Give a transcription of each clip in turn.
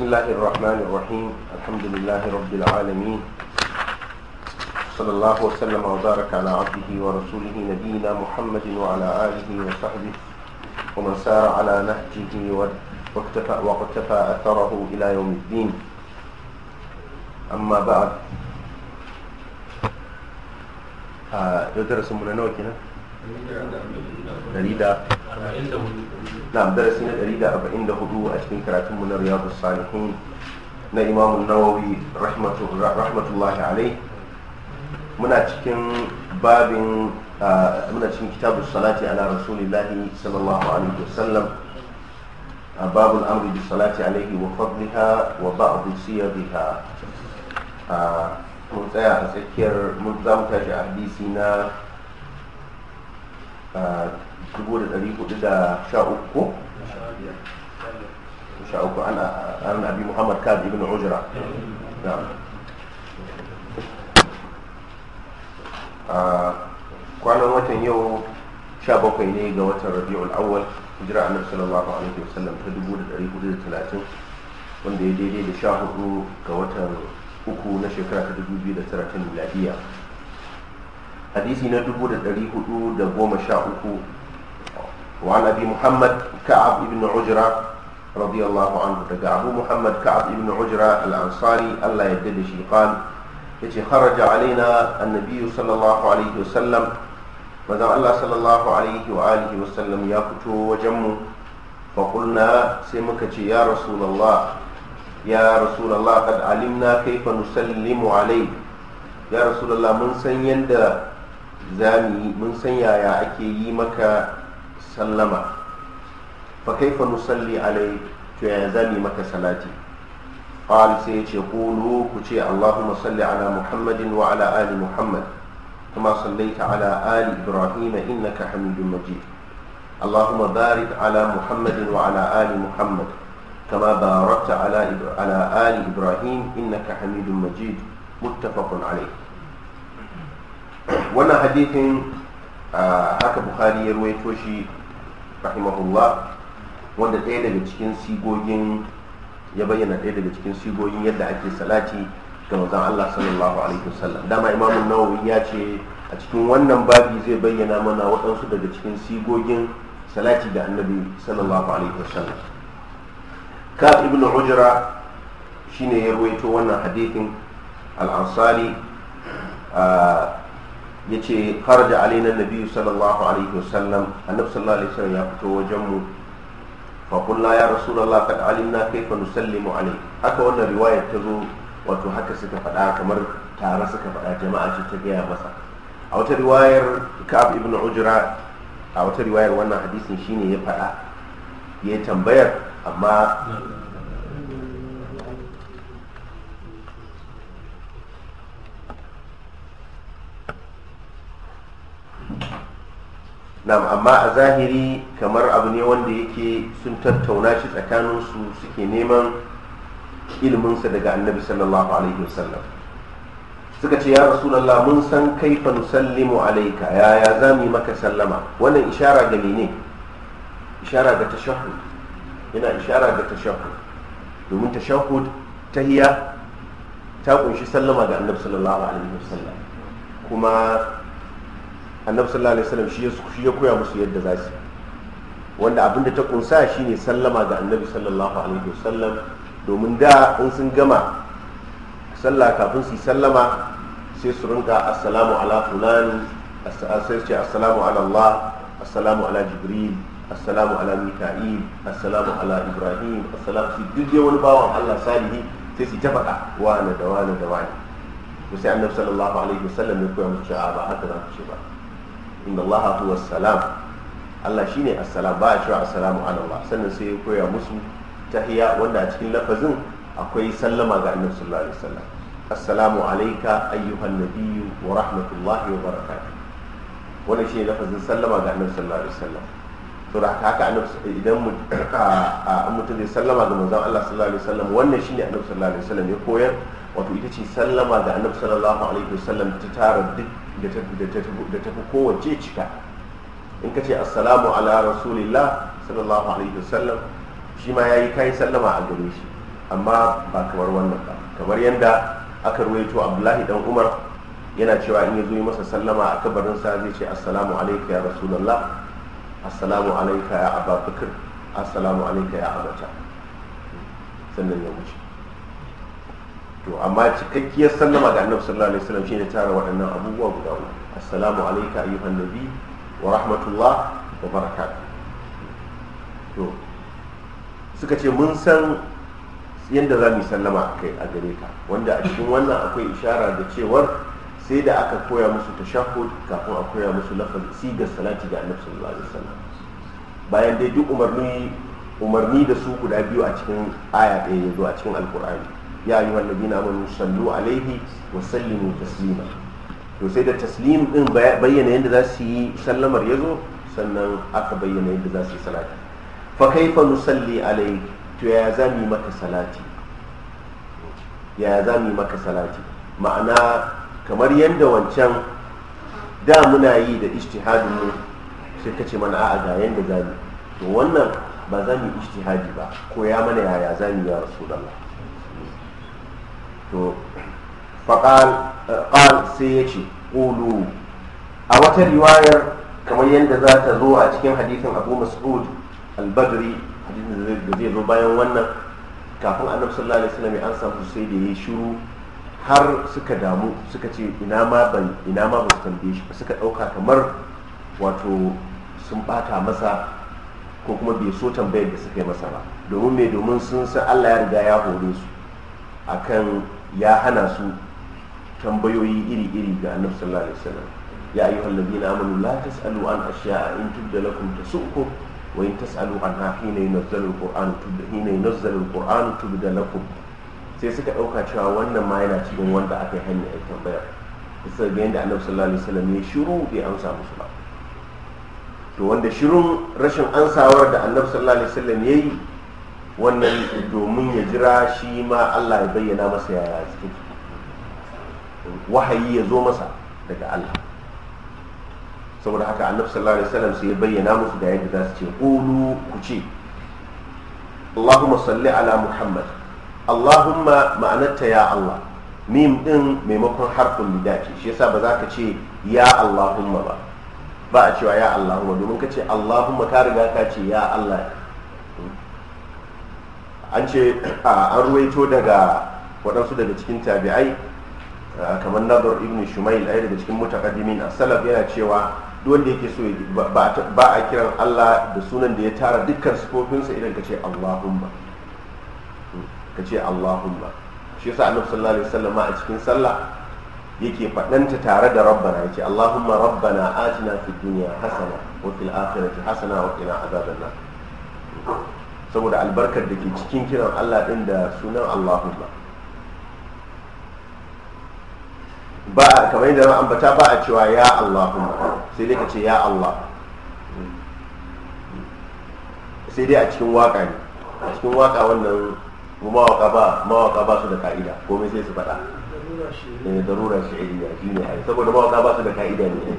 بسم الله الرحمن الرحيم الحمد لله رب العالمين صلى الله وسلم وبارك على عبده ورسوله نبينا محمد وعلى آله وصحبه ومن سار على نهجه واقتفى, واقتفى أثره إلى يوم الدين أما بعد آه، يدرس من نوكنا دريدة نعم درسنا الأريد أربعين لهدوء أشكين كراتم من رياض الصالحين na imamu nawawi rahmatullahi alai muna cikin babin muna cikin kitabun salati ala rasulillahi sallallahu alaihi wasallam babul amri bi salati alaihi wa fadliha wa ba'du siyariha mun tsaya a tsakiyar mun za mu tashi hadisi na 1413 ana an abi muhammad kaz ibn ujra kwanan watan yau 17 ne ga watan rabi'ul awwal hijira annabi sallallahu alaihi wasallam ta 1430 wanda ya daidai da 14 ga watan uku na shekara ta 2009 ta miladiya hadisi na 413 وعن أبي محمد كعب بن عجرة رضي الله عنه تقع أبو محمد كعب بن عجرة الأنصاري الله يدد قال يتي خرج علينا النبي صلى الله عليه وسلم ماذا الله صلى الله عليه وآله وسلم يفتو وجمه فقلنا سمكة يا رسول الله يا رسول الله قد علمنا كيف نسلم عليك يا رسول الله من سن يندى زامي من سن يا أكي مكة sallama fa kaifa nusalli alai to ya zami maka salati qal sai ya ce qulu ku ce allahumma salli ala muhammadin wa ala ali muhammad kama sallaita ala ali ibrahim innaka hamidum majid اللهم بارك على محمد وعلى آل محمد كما باركت على إب... على آل إبراهيم إنك حميد مجيد متفق عليه wannan hadithin haka bukhari ya ruwaito shi rahimahullah wanda ɗaya daga cikin sigogin ya bayyana ɗaya daga cikin sigogin yadda ake salati ga manzon Allah sallallahu alaihi wasallam dama imamun nawawi ya ce a cikin wannan babi zai bayyana mana waɗansu daga cikin sigogin salati ga annabi sallallahu alaihi wasallam kaf ibn ujra shine ya ruwaito wannan hadithin al-ansari ya ce kharaja alaina nabi sallallahu alaihi wasallam annab sallallahu alaihi wasallam ya fito wajen mu fa qulna ya rasulullah kad alimna kaifa nusallimu alai haka wannan riwayar ta zo wato haka suka faɗa kamar tare suka faɗa jama'a ce ta gaya masa a wata riwayar ka'ab ibn ujra a wata riwayar wannan hadisin shine ya faɗa ya tambayar amma nam amma a zahiri kamar abu ne wanda yake sun tattauna shi tsakaninsu suke neman ilminsa daga annabi sallallahu alaihi wasallam suka ce ya rasulallah mun san kaifa nusallimu alaika yaya za mu yi maka sallama wannan ishara ga mene ishara ga tashahhud yana ishara ga tashahhud domin tashahhud tahiya ta kunshi sallama ga annabi sallallahu alaihi wasallam kuma annabi sallallahu alaihi wasallam shi ya koya musu yadda za su wanda abin da ta kunsa shine sallama ga annabi sallallahu alaihi wasallam domin da in sun gama sallah kafin su sallama sai su rinka assalamu ala fulani sai ce assalamu ala Allah assalamu ala jibril assalamu ala mika'il assalamu ala ibrahim assalamu su duk wani bawan Allah salihi sai su ta faɗa wani da wani da wani sai annabi sallallahu alaihi wasallam ya koya musu cewa ba haka za ku ce ba inna Allah huwa salam Allah shine assalam ba a cewa assalamu ala Allah sannan sai ya koya musu tahiya wanda a cikin lafazin akwai sallama ga annabi sallallahu alaihi wasallam assalamu alayka ayyuhan nabiyyu wa rahmatullahi wa barakatuh wannan sallama ga annabi sallallahu alaihi wasallam to da haka idan mutum zai sallama ga manzon Allah sallallahu alaihi wasallam wannan shine annabi sallallahu alaihi wasallam ya koyar wato ita ce sallama ga annabi sallallahu alaihi wasallam ta tara duk da ta fi kowace cika in ka ce assalamu ala rasulillah sallallahu alaihi wasallam shi ma ya yi kayi sallama a gare shi amma ba kamar wannan ba kamar yadda aka ruwaito abdullahi dan umar yana cewa in ya zo yi masa sallama a kabarin sa zai ce assalamu alayka ya rasulullah assalamu alayka ya ababakar assalamu alayka ya abata sannan ya wuce to amma cikakkiyar sallama ga annabi sallallahu alaihi wasallam shine tara waɗannan abubuwa guda uku assalamu alayka ayyuhan nabi wa rahmatullah wa barakat to suka ce mun san yadda za mu sallama a kai a gare ka wanda a cikin wannan akwai ishara da cewar sai da aka koya musu tashahud kafin a koya musu lafaz ga salati ga annabi sallallahu alaihi wasallam bayan dai duk umarni umarni da su guda biyu a cikin aya ɗaya ya zo a cikin alkur'ani ya yi wallabina amanu sallu alaihi wa sallimu taslima to sai da taslim din bayyana yadda za su yi sallamar ya zo sannan aka bayyana yadda za su yi salati fa kaifa nusalli alaihi to ya za mu maka salati ya za mu maka salati ma'ana kamar yadda wancan da muna yi da ijtihadin mu sai kace mana a'a ga yadda za mu to wannan ba za mu ijtihadi ba ko ya mana yaya za mu ya rasulullah to faƙal eh, sai ya ce ƙulu a wata riwayar kamar yadda za ta zo a cikin hadithin abu mas'ud al hadithin da zai zo bayan wannan kafin annabi sallallahu alaihi wasallam an samu sai da yayi shiru har suka damu suka ce ina ma ban ba su tambaye shi suka ɗauka kamar wato sun bata masa ko kuma bai so tambayar da suka yi masa ba domin me domin sun san Allah ya riga ya hore su akan ya hana su tambayoyi iri-iri ga annabi sallallahu alaihi wasallam ya ayyuha alladhina amanu la tas'alu an ashya'a in tubda lakum tasu'kum wa in tas'alu an hina yunzalu alquran tubda hina yunzalu alquran tubda lakum sai suka dauka cewa wannan ma yana cikin wanda aka yi hanya ai tambaya sai ga yanda annabi sallallahu alaihi wasallam ya shiru bai amsa musu ba to wanda shirun rashin ansawar da annabi sallallahu alaihi wasallam yayi wannan domin ya jira shi ma Allah ya bayyana masa yaya cikin wahayi ya zo masa daga Allah saboda haka annabi sallallahu alaihi wasallam sai ya bayyana musu da yadda za su ce qulu ku ce Allahumma salli ala Muhammad Allahumma ma'anarta ya Allah mim din maimakon harfin nida ce shi yasa ba za ka ce ya Allahumma ba ba a cewa ya Allahumma domin ka ce Allahumma ka riga ka ce ya Allah an ce an ruwaito daga waɗansu daga cikin tabi'ai kamar nazar ibn shumail ɗaya daga cikin mutaqaddimin as asalaf yana cewa duk yake so ba a kiran Allah da sunan da ya tara dukkan sufofinsa idan ka ce Allahumma ka ce Allahumma shi yasa annabi sallallahu alaihi wasallam a cikin sallah yake faɗanta tare da rabbana yake Allahumma rabbana atina fid dunya hasana wa fil akhirati hasana wa qina adhaban nar saboda albarkar da ke cikin kiran Allah ɗin da sunan Allahumma ba a kamar yadda ambata ba a cewa ya Allahumma sai dai ka ce ya Allah sai dai a cikin waka ne a cikin waka wannan mawaka ba mawaka ba su da ka'ida komai sai su faɗa ne eh, darura shi'iriya shi ne saboda mawaka ba su da ka'ida ne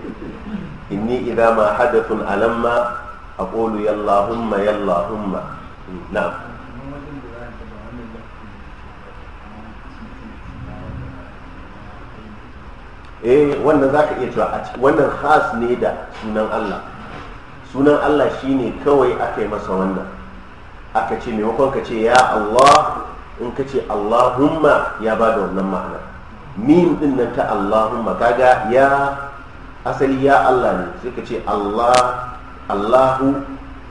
inni idza ma hadathun alamma ƙolu yallahumma yallahumma na'am eh wannan za ka iya cewa wannan khas ne da sunan Allah sunan Allah shi ne kawai aka yi masa wannan aka ce maimakon ka ce ya Allah in ka ce Allahumma ya ba da wannan ma'ana Min din nan ta Allahumma kaga ya asali ya Allah ne sai ka ce Allah Allahu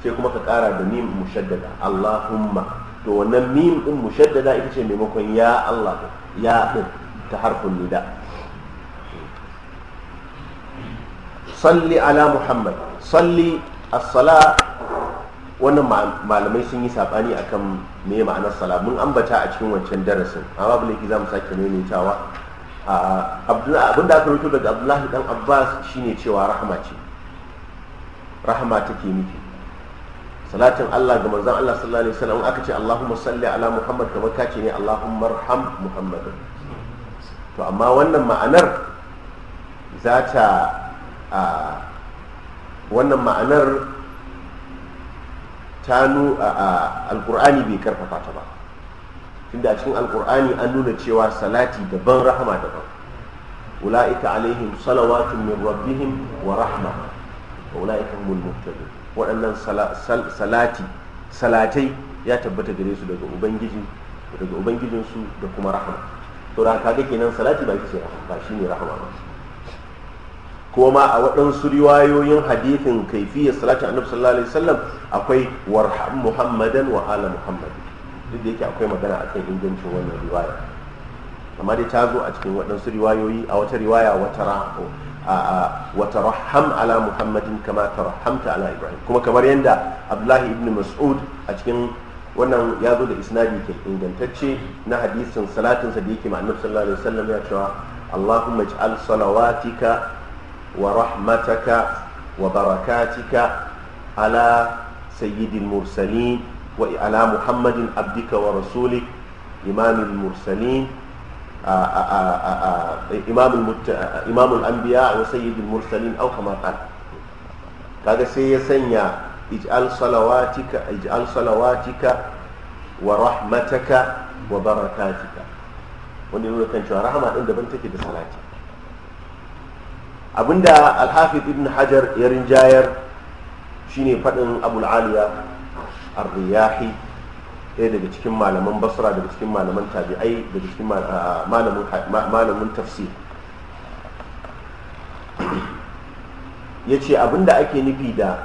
sai kuma ka kara da mim mushaddada Allahumma to wannan mim din mushaddada ita ce maimakon ya Allah ya din ta harfin nida salli ala muhammad salli as-sala wannan malamai sun yi sabani akan me ma'anar sala mun ambata a cikin wancan darasin amma babu za mu sake maimaitawa abin da aka rubuta daga abdullahi dan abbas shine cewa rahama ce rahama take miki salatin Allah ga manzon Allah sallallahu alaihi wasallam aka ce Allahumma salli ala Muhammad kamar kace ne Allahumma arham Muhammad to amma wannan ma'anar za ta wannan ma'anar ta nu alqur'ani bai karfafa ta ba tunda a cikin alqur'ani an nuna cewa salati daban rahama daban ulaika alaihim salawatun min rabbihim wa rahma wa ulaika humul muhtadun waɗannan salati salatai ya tabbata gare su daga ubangiji daga ubangijinsu da kuma rahama to da kaga kenan salati ba shi ba shine rahama ba kuma ma a waɗansu riwayoyin hadithin kaifiyar salatin annabi sallallahu alaihi wasallam akwai warham muhammadan wa ala muhammad duk da yake akwai magana akan ingancin wannan riwaya amma dai ta zo a cikin waɗansu riwayoyi a wata riwaya wata rahama wa tarahham ala muhammadin kama rahamta ala ibrahim kuma kamar yadda abdullahi ibn mas'ud a cikin wannan ya zo da isnadi ke ingantacce na hadisin salatin sa da yake sallallahu alaihi wasallam ya cewa allahumma ij'al salawatika wa rahmataka wa barakatika ala sayyidil mursalin wa ala muhammadin abdika wa rasulik imamil mursalin imamul anbiya wa sayyidul mursalin au kama kaga sai ya sanya ij'al salawatika ij'al salawatika wa rahmataka wa barakatika wanda nuna kan cewa rahama din daban take da salati abinda al-hafiz ibn hajar ya rinjayar shine fadin abul aliya ar-riyahi ɗaya daga cikin malaman basra daga cikin malaman tabi'ai daga cikin malamin tafsir ya ce abinda ake nufi da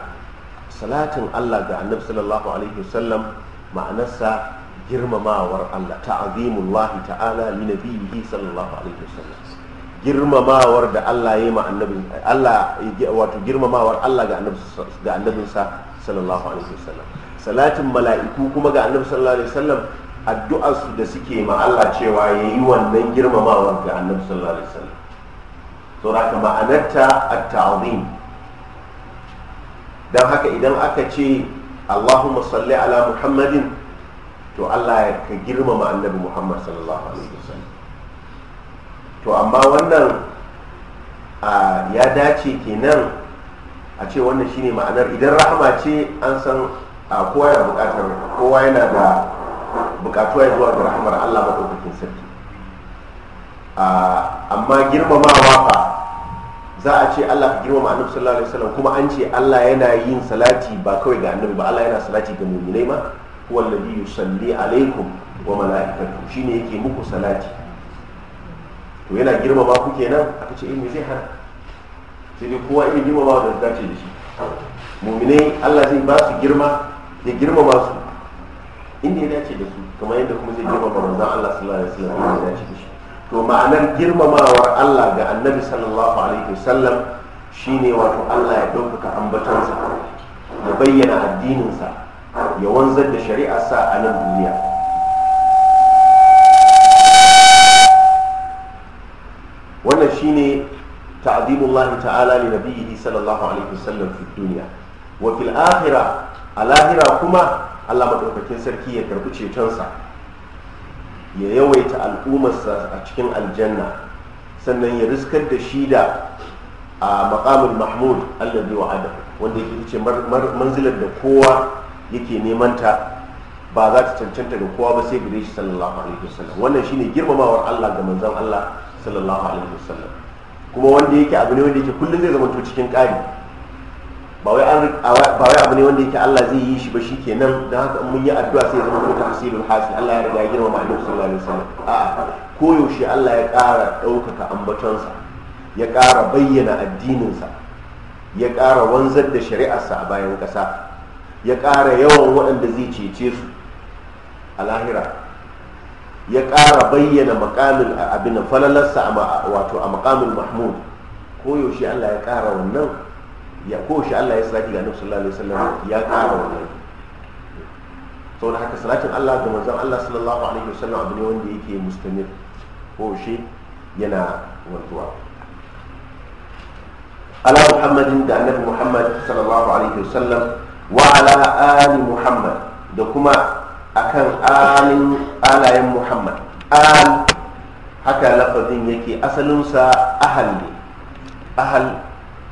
salatin allah ga annabi sallallahu alaihi wasallam ma'anarsa girmamawar allah lahi ta'ala li nabiyhi sallallahu alaihi wasallam girmamawar da allah ya yi annabin allah wato girmamawar allah ga annabinsa sallallahu alaihi wasallam salatin mala'iku kuma ga annabi sallallahu alaihi wasallam addu'arsu da suke ma Allah cewa yayi wannan girmamawa ga annabi sallallahu alaihi wasallam saboda ma'anarta at-ta'zim dan haka idan aka ce Allahumma salli ala Muhammadin to Allah ya ka girmama annabi Muhammad sallallahu alaihi wasallam to amma wannan ya dace kenan a ce wannan shine ma'anar idan rahama ce an san a kowa yana bukatar kowa yana da bukatuwa zuwa ga rahamar Allah maɗaukakin sarki amma girmamawa fa za a ce Allah ka girmama annabi sallallahu alaihi wasallam kuma an ce Allah yana yin salati ba kawai ga annabi ba Allah yana salati ga mu'minai ma huwal ladhi yusalli alaikum wa malaikatu shine yake muku salati to yana girmama ku kenan aka ce eh me zai har. sai dai kowa irin girmama da dace da shi mu'minai Allah zai ba su girma ya girmama su inda ya dace da su kamar yadda kuma zai girmama manzon Allah sallallahu alaihi wasallam ya dace da shi to ma'anar girmamawar Allah ga annabi sallallahu alaihi wasallam shine wato Allah ya ɗaukaka ambatansa ya bayyana addininsa ya wanzar da shari'arsa a nan duniya wannan shine ta'zimullah ta'ala li nabiyhi sallallahu alaihi wasallam fi dunya wa fil akhirah a lahira kuma allah maɗaukakin sarki ya karɓi cetonsa ya yawaita al'ummarsa a cikin aljanna sannan ya riskar da shi da a makamin mahmud allah wa wanda yake ce manzilar da kowa yake neman ta ba za ta cancanta da kowa ba sai gare shi sallallahu alaihi wasallam wannan shine girmamawar Allah ga manzon Allah sallallahu alaihi wasallam kuma wanda yake abu ne wanda yake kullum zai zama to cikin ƙari ba wai abu ne wanda yake Allah zai yi shi ba shi kenan don haka mun yi addu'a sai ya zama kuma tafsirul hasi Allah ya riga ya girma ma sallallahu alaihi wasallam a'a koyaushe Allah ya ƙara ɗaukaka ambatonsa ya ƙara bayyana addininsa ya ƙara wanzar da shari'arsa a bayan ƙasa ya ƙara yawan waɗanda zai cece su a lahira ya ƙara bayyana makamin abin falalarsa wato a makamin mahmud koyaushe Allah ya ƙara wannan ya ko shi Allah ya saki ga Annabi sallallahu alaihi wasallam ya kara wannan saboda haka salatin Allah da manzon Allah sallallahu alaihi wasallam abu ne wanda yake mustamir ko shi yana wanzuwa ala muhammadin da annabi muhammad sallallahu alaihi wasallam wa ala ali muhammad da kuma akan alin alayen muhammad al haka lafazin yake asalinsa ahal ne ahal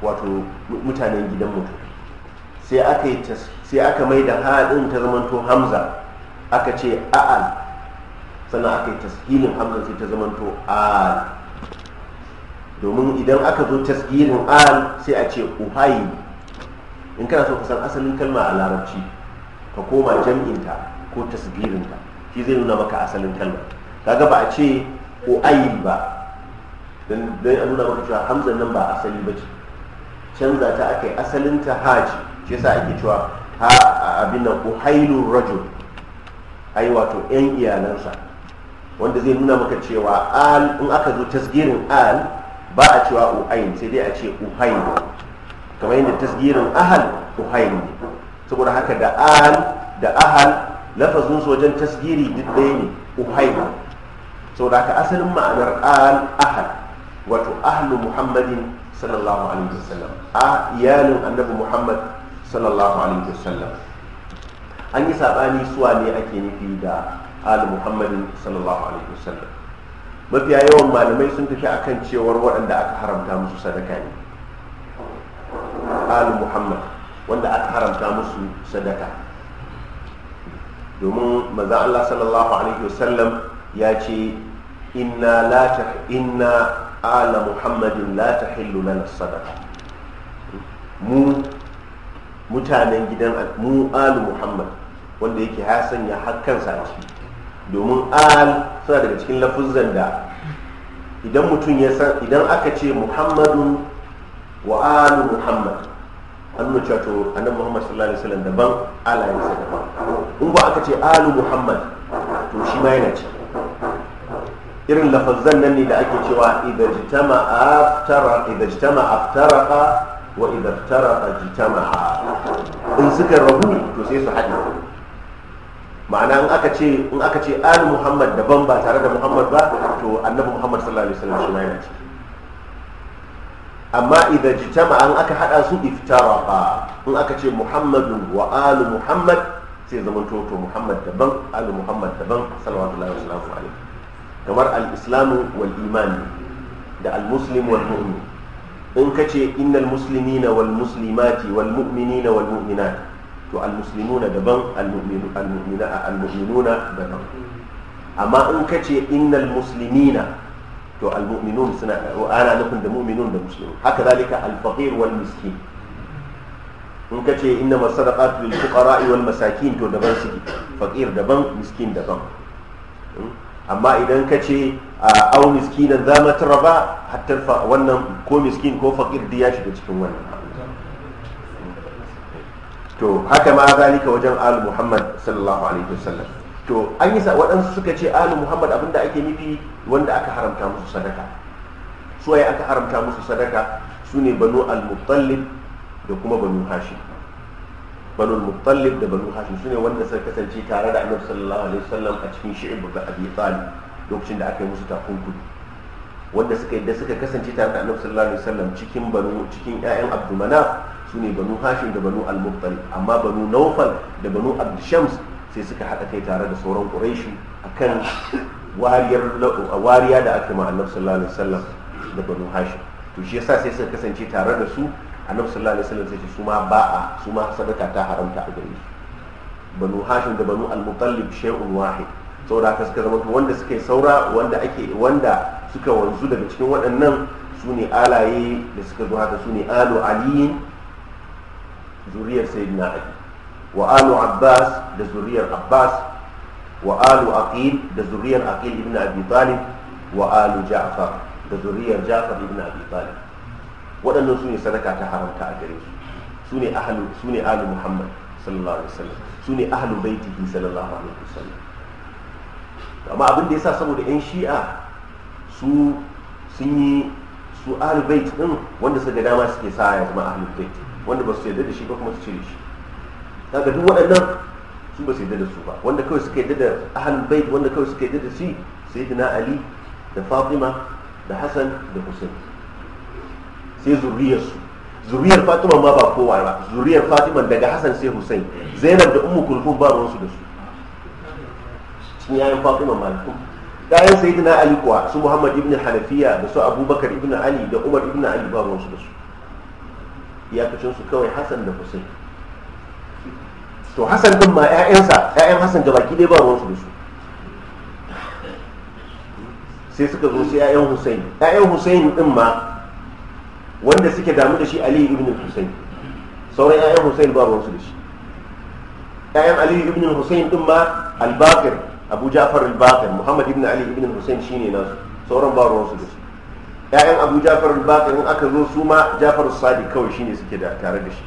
wato mutanen gidan mutum sai aka mai da haɗin ta zamanto hamza aka ce a'al sannan aka yi tasgirin hamza sai ta zamanto a'al domin idan aka zo tasgirin a'al sai a ce uhayi in kana so ka san asalin kalma a larabci ka koma jam'inta ko tasgirinta shi zai nuna maka asalin kalma kaga ba a ce uayi ba don a nuna maka cewa Hamza nan ba asali ba ce canza ta ake yi asalinta haji shi yasa ake cewa ha abin nan uhailun rajul ai wato yan iyalansa wanda zai nuna maka cewa al in aka zo tasgirin al ba a cewa uhain sai dai a ce uhain kamar yadda tasgirin ahal uhain saboda haka da al da ahal lafazin su wajen tasgiri duk ɗaya ne uhain saboda haka asalin ma'anar al ahal wato ahlu muhammadin sallallahu alaihi wasallam a iyalin annabi muhammad sallallahu alaihi wasallam an yi saɓani suwa ne ake nufi da ali muhammadin sallallahu alaihi wasallam mafiya yawan malamai sun tafi akan cewar waɗanda aka haramta musu sadaka ne ali muhammad wanda aka haramta musu sadaka domin maza allah sallallahu alaihi wasallam ya ce inna la inna ala muhammadin la ta hillu lana sadaka mu mutanen gidan mu alu muhammad wanda yake ya sanya hakkansa a ciki domin al suna daga cikin lafuzzan da idan mutum ya san idan aka ce muhammadun wa alu muhammad an nuna cewa to annabi muhammad sallallahu alaihi wasallam daban alayensa daban in ba aka ce alu muhammad to shi ma yana ci irin lafazan nan ne da ake cewa idajtama aftara idajtama aftaraqa wa idaftaraqa jitama'a in suka rabu to sai su haɗe ma'ana in aka ce in aka ce ali muhammad daban ba tare da muhammad ba to annabi muhammad sallallahu alaihi wasallam shi ma yana ciki amma idan jitama an aka hada su ba, in aka ce muhammadun wa ali muhammad sai zamanto to muhammad daban ali muhammad daban sallallahu alaihi wasallam kamar al-islamu wal imani da al-muslim wal mu'min in ka ce innal muslimina wal muslimati wal mu'minina wal mu'minat to al muslimuna daban al mu'minuna al mu'minuna daban amma in ka ce innal muslimina to al mu'minun suna ana nufin da mu'minun da muslimun haka zalika al faqir wal miskin in ka ce inna masadaqatu lil fuqara wal masakin to daban suke faqir daban miskin daban hmm? amma idan ka ce a au miskinan za mu taraba hatta wannan ko miskin ko faƙir ya shiga cikin wannan to haka ma zalika wajen alu muhammad sallallahu alaihi wasallam to an yi waɗansu suka ce alu muhammad abinda ake nufi wanda aka haramta musu sadaka su aka haramta musu sadaka su ne banu al-muttalib da kuma banu hashim banu muttalib da banu hashim sune wanda suka kasance tare da annabi sallallahu alaihi wasallam a cikin shi'ib da abi talib lokacin da aka yi musu takunkumi wanda suka da suka kasance tare da annabi sallallahu alaihi wasallam cikin banu cikin ƴaƴan abdu manaf sune banu hashim da banu al muttalib amma banu nawfal da banu abd shams sai suka haɗa kai tare da sauran quraishi akan wariyar wariya da aka yi ma annabi sallallahu alaihi wasallam da banu hashim to shi yasa sai suka kasance tare da su annabi sallallahu alaihi wasallam sai ce su ma ba a su ma sadaka ta haramta a gare su banu hashim da banu al-muttalib shay'un wahid saboda haka suka zama wanda suke saura wanda ake wanda suka wanzu daga cikin waɗannan su ne alaye da suka zo haka su ne alu aliyin zuriyar sayyidina ali wa alu abbas da zuriyar abbas wa alu aqil da zuriyar aqil ibn abi talib wa alu ja'far da zuriyar ja'far ibn abi talib waɗannan su ne sadaka ta haramta a gare su su ne ahalu su ne muhammad sallallahu alaihi wasallam su ne ahlu baitihi sallallahu alaihi wasallam amma abin da yasa saboda yan shi'a su sun yi su ahalu bait din wanda suka dama suke sa ya zama ahalu bait wanda ba su yarda da shi ba kuma su cire shi kaga duk waɗannan su ba su yarda da su ba wanda kawai suka yarda da ahalu bait wanda kawai suka yarda da shi sayyidina ali da fatima da hassan da hussein sai zurriyarsu zuriyar fatima ma ba kowa ba zuriyar fatima daga hassan sai hussein zainab da ummu kulkun ba ruwansu da su sun yayin fatima malikum yayin sayyidina ali kuwa su muhammad ibn hanafiya da su abubakar ibn ali da umar ibn ali ba ruwansu da su iyakacin su kawai hassan da hussein to hassan din ma ƴaƴansa ƴaƴan hassan gabaki ɗaya ba ruwansu da su sai suka zo sai ƴaƴan hussein ƴaƴan hussein din ma wanda suke damu da shi ali ibn husayn sauran ƴaƴan husayn ba ruwansu da shi ƴaƴan ali ibn husayn din ma al-baqir abu ja'far al-baqir muhammad ibn ali ibn husayn shine nasu sauran ba ruwansu da shi ƴaƴan abu ja'far al-baqir in aka zo su ma ja'far as-sadiq kawai shine suke da tare da shi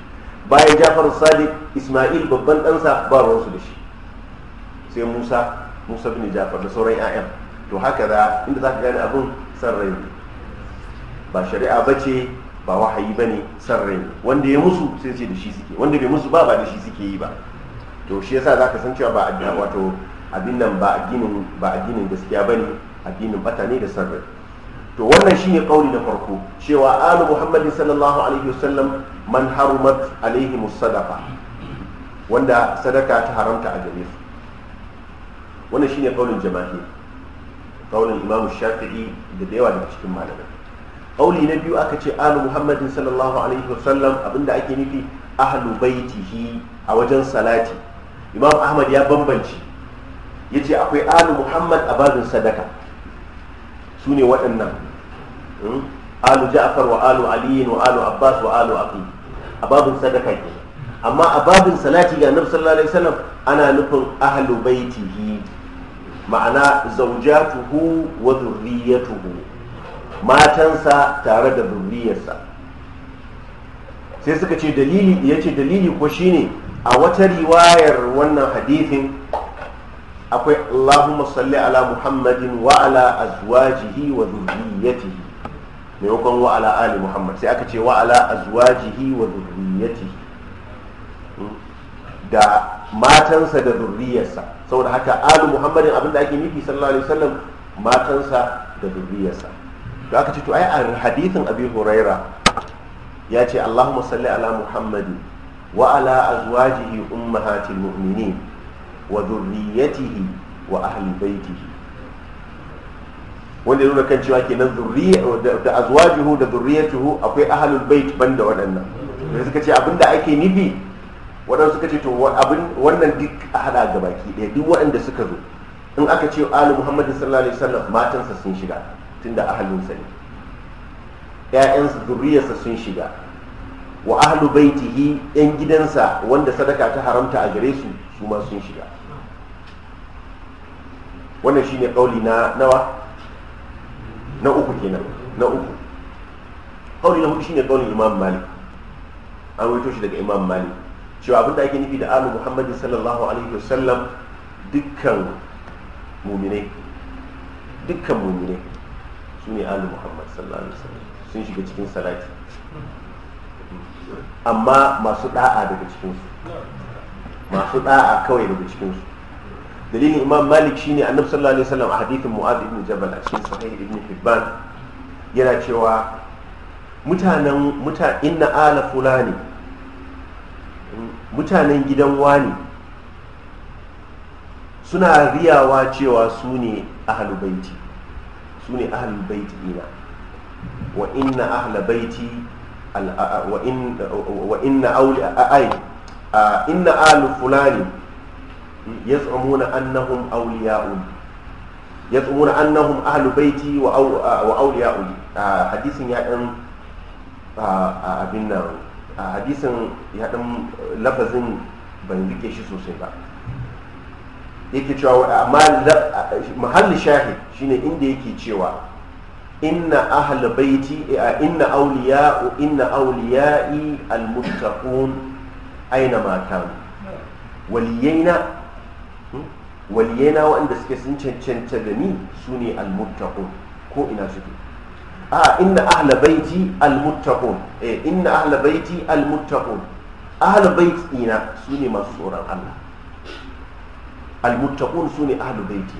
bayan ja'far as-sadiq isma'il babban ɗansa ba ruwansu da shi sai musa musa bin ja'far da sauran ƴaƴan to haka da inda za gane abin san rai ba shari'a ba ce ba wahayi ba ne san rai wanda ya musu sai ce da shi suke wanda bai musu ba ba da shi suke yi ba to shi yasa ka san cewa ba a gina wato abin nan ba addinin ba addinin gaskiya bane addinin bata ne da san rai to wannan shine kauli na farko cewa alu muhammadin sallallahu alaihi wasallam man harumat alaihi musadafa wanda sadaka ta haramta a gare su wannan shine kaulin jama'i kaulin imam shafi'i da da yawa daga cikin malamai kauli na biyu aka ce alu muhammadin sallallahu alaihi wa sallam abinda ake nufi ahlu baitihi a wajen salati imam ahmad ya bambanci ya ce akwai alu muhammad a babin sadaka su ne waɗannan hmm? alu ja'far wa alu aliyin wa alu abbas wa alu aqi a babin sadaka ke amma a babin salati ga annabi sallallahu alaihi wasallam ana nufin ahlu baitihi ma'ana zaujatuhu wa dhurriyyatuhu matansa tare da zurriyarsa sai suka ce dalili ya ce dalili ko shine a wata riwayar wannan hadithin akwai Allahumma salli ala Muhammadin wa ala azwajihi wa zurriyatihi maimakon wa ala ali Muhammad sai aka ce wa ala azwajihi wa zurriyatihi hmm? da matansa da zurriyarsa saboda haka ali Muhammadin abinda ake nufi sallallahu alaihi wasallam matansa da zurriyarsa to aka ce to ai a hadithin abi huraira ya ce allahumma salli ala muhammadi wa ala azwajihi ummahati mu'minin wa dhurriyyatihi wa ahli baitihi wanda ya nuna kan cewa kenan da azwajihu da zurriyatuhu akwai ahlul bait banda waɗannan da suka ce abinda ake nufi waɗansu suka ce to abin wannan duk a hada gabaki baki ɗaya duk waɗanda suka zo in aka ce ali muhammadin sallallahu alaihi wasallam matansa sun shiga tunda ahalinsa ne ‘ya'yansa zuriyarsa sun shiga wa ahlu baitihi ‘yan gidansa wanda sadaka ta haramta a gare su su ma sun shiga wannan shi ne ƙauli na nawa na uku kenan na uku ƙauli na hudu shi ne ƙaulin imam malik an wuto shi daga imam malik cewa abinda ake nufi da alu Muhammadu sallallahu alaihi wasallam dukkan muminai dukkan mumine. su ne alu muhammad sallallahu alaihi wasallam sun shiga cikin salati amma masu da'a daga cikinsu masu da'a kawai daga cikinsu dalilin imam malik shine annabi sallallahu alaihi wasallam a hadithin mu'adh ibn jabal a cikin sahih ibn hibban yana cewa mutanen muta inna ala fulani mutanen gidan wani suna riyawa cewa su ne ahalubaiti su ne ahalin baiti ina wa inna ahla baiti wa inna auli ai a inna ahlu fulani yaz'umuna annahum awliya'u yaz'umuna annahum ahalin baiti wa a hadisin ya ɗan abin nan hadisin ya ɗan lafazin ban rike shi sosai ba yake cewa amma mahallin shahid shine inda yake cewa inna ahal baiti inna awliya inna awliyai almuttaqun aina ma kanu waliyaina hmm? waliyaina wanda suke sun cancanta da ni sune almuttaqun ko ina suke a inna ahal baiti almuttaqun eh inna ahal baiti almuttaqun ahal bait ina sune masu tsoron Allah almuttaqun sune ahlu baiti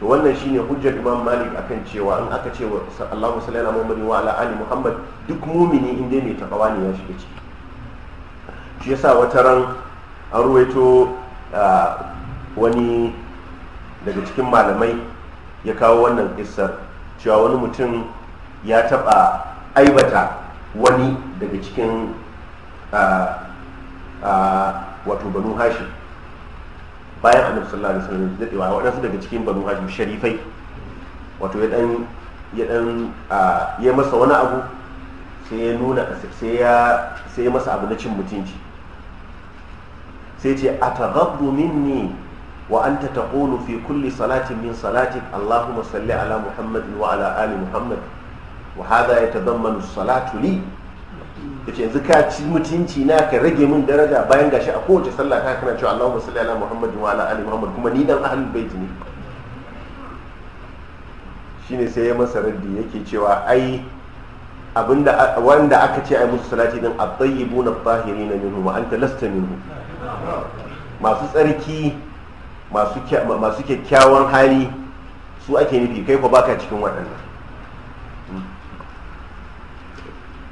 to wannan shine hujjar imam malik akan cewa in aka ce wa Allahu salli ala muhammadin wa ala ali muhammad duk mumini inda mai takawa ne ya shiga ciki shi yasa wata ran an ruwaito wani daga cikin malamai ya kawo wannan kissar cewa wani mutum ya taɓa aibata wani daga cikin wato banu hashim bayan annabi sallallahu alaihi wasallam dadewa waɗansu daga cikin banu hashim sharifai wato ya dan ya dan ya masa wani abu sai ya nuna sai ya sai ya masa abu na cin mutunci sai ce ataghaddu minni wa anta taqulu fi kulli salatin min salatik allahumma salli ala muhammadin wa ala ali muhammad wa hadha yatadammanu salatu li ya ce yanzu ka ci mutunci na ka rage min daraja bayan gashi a kowace sallah ka kana cewa Allahumma salli ala Muhammad wa ala ali Muhammad kuma ni dan ahlul bait ne shine sai ya masa raddi yake cewa ai abinda wanda aka ce ai musu salati din at-tayyibun at-tahirin minhu wa anta lasta minhu masu tsarki masu masu kyakkyawan hali su ake nufi kai ko baka cikin waɗannan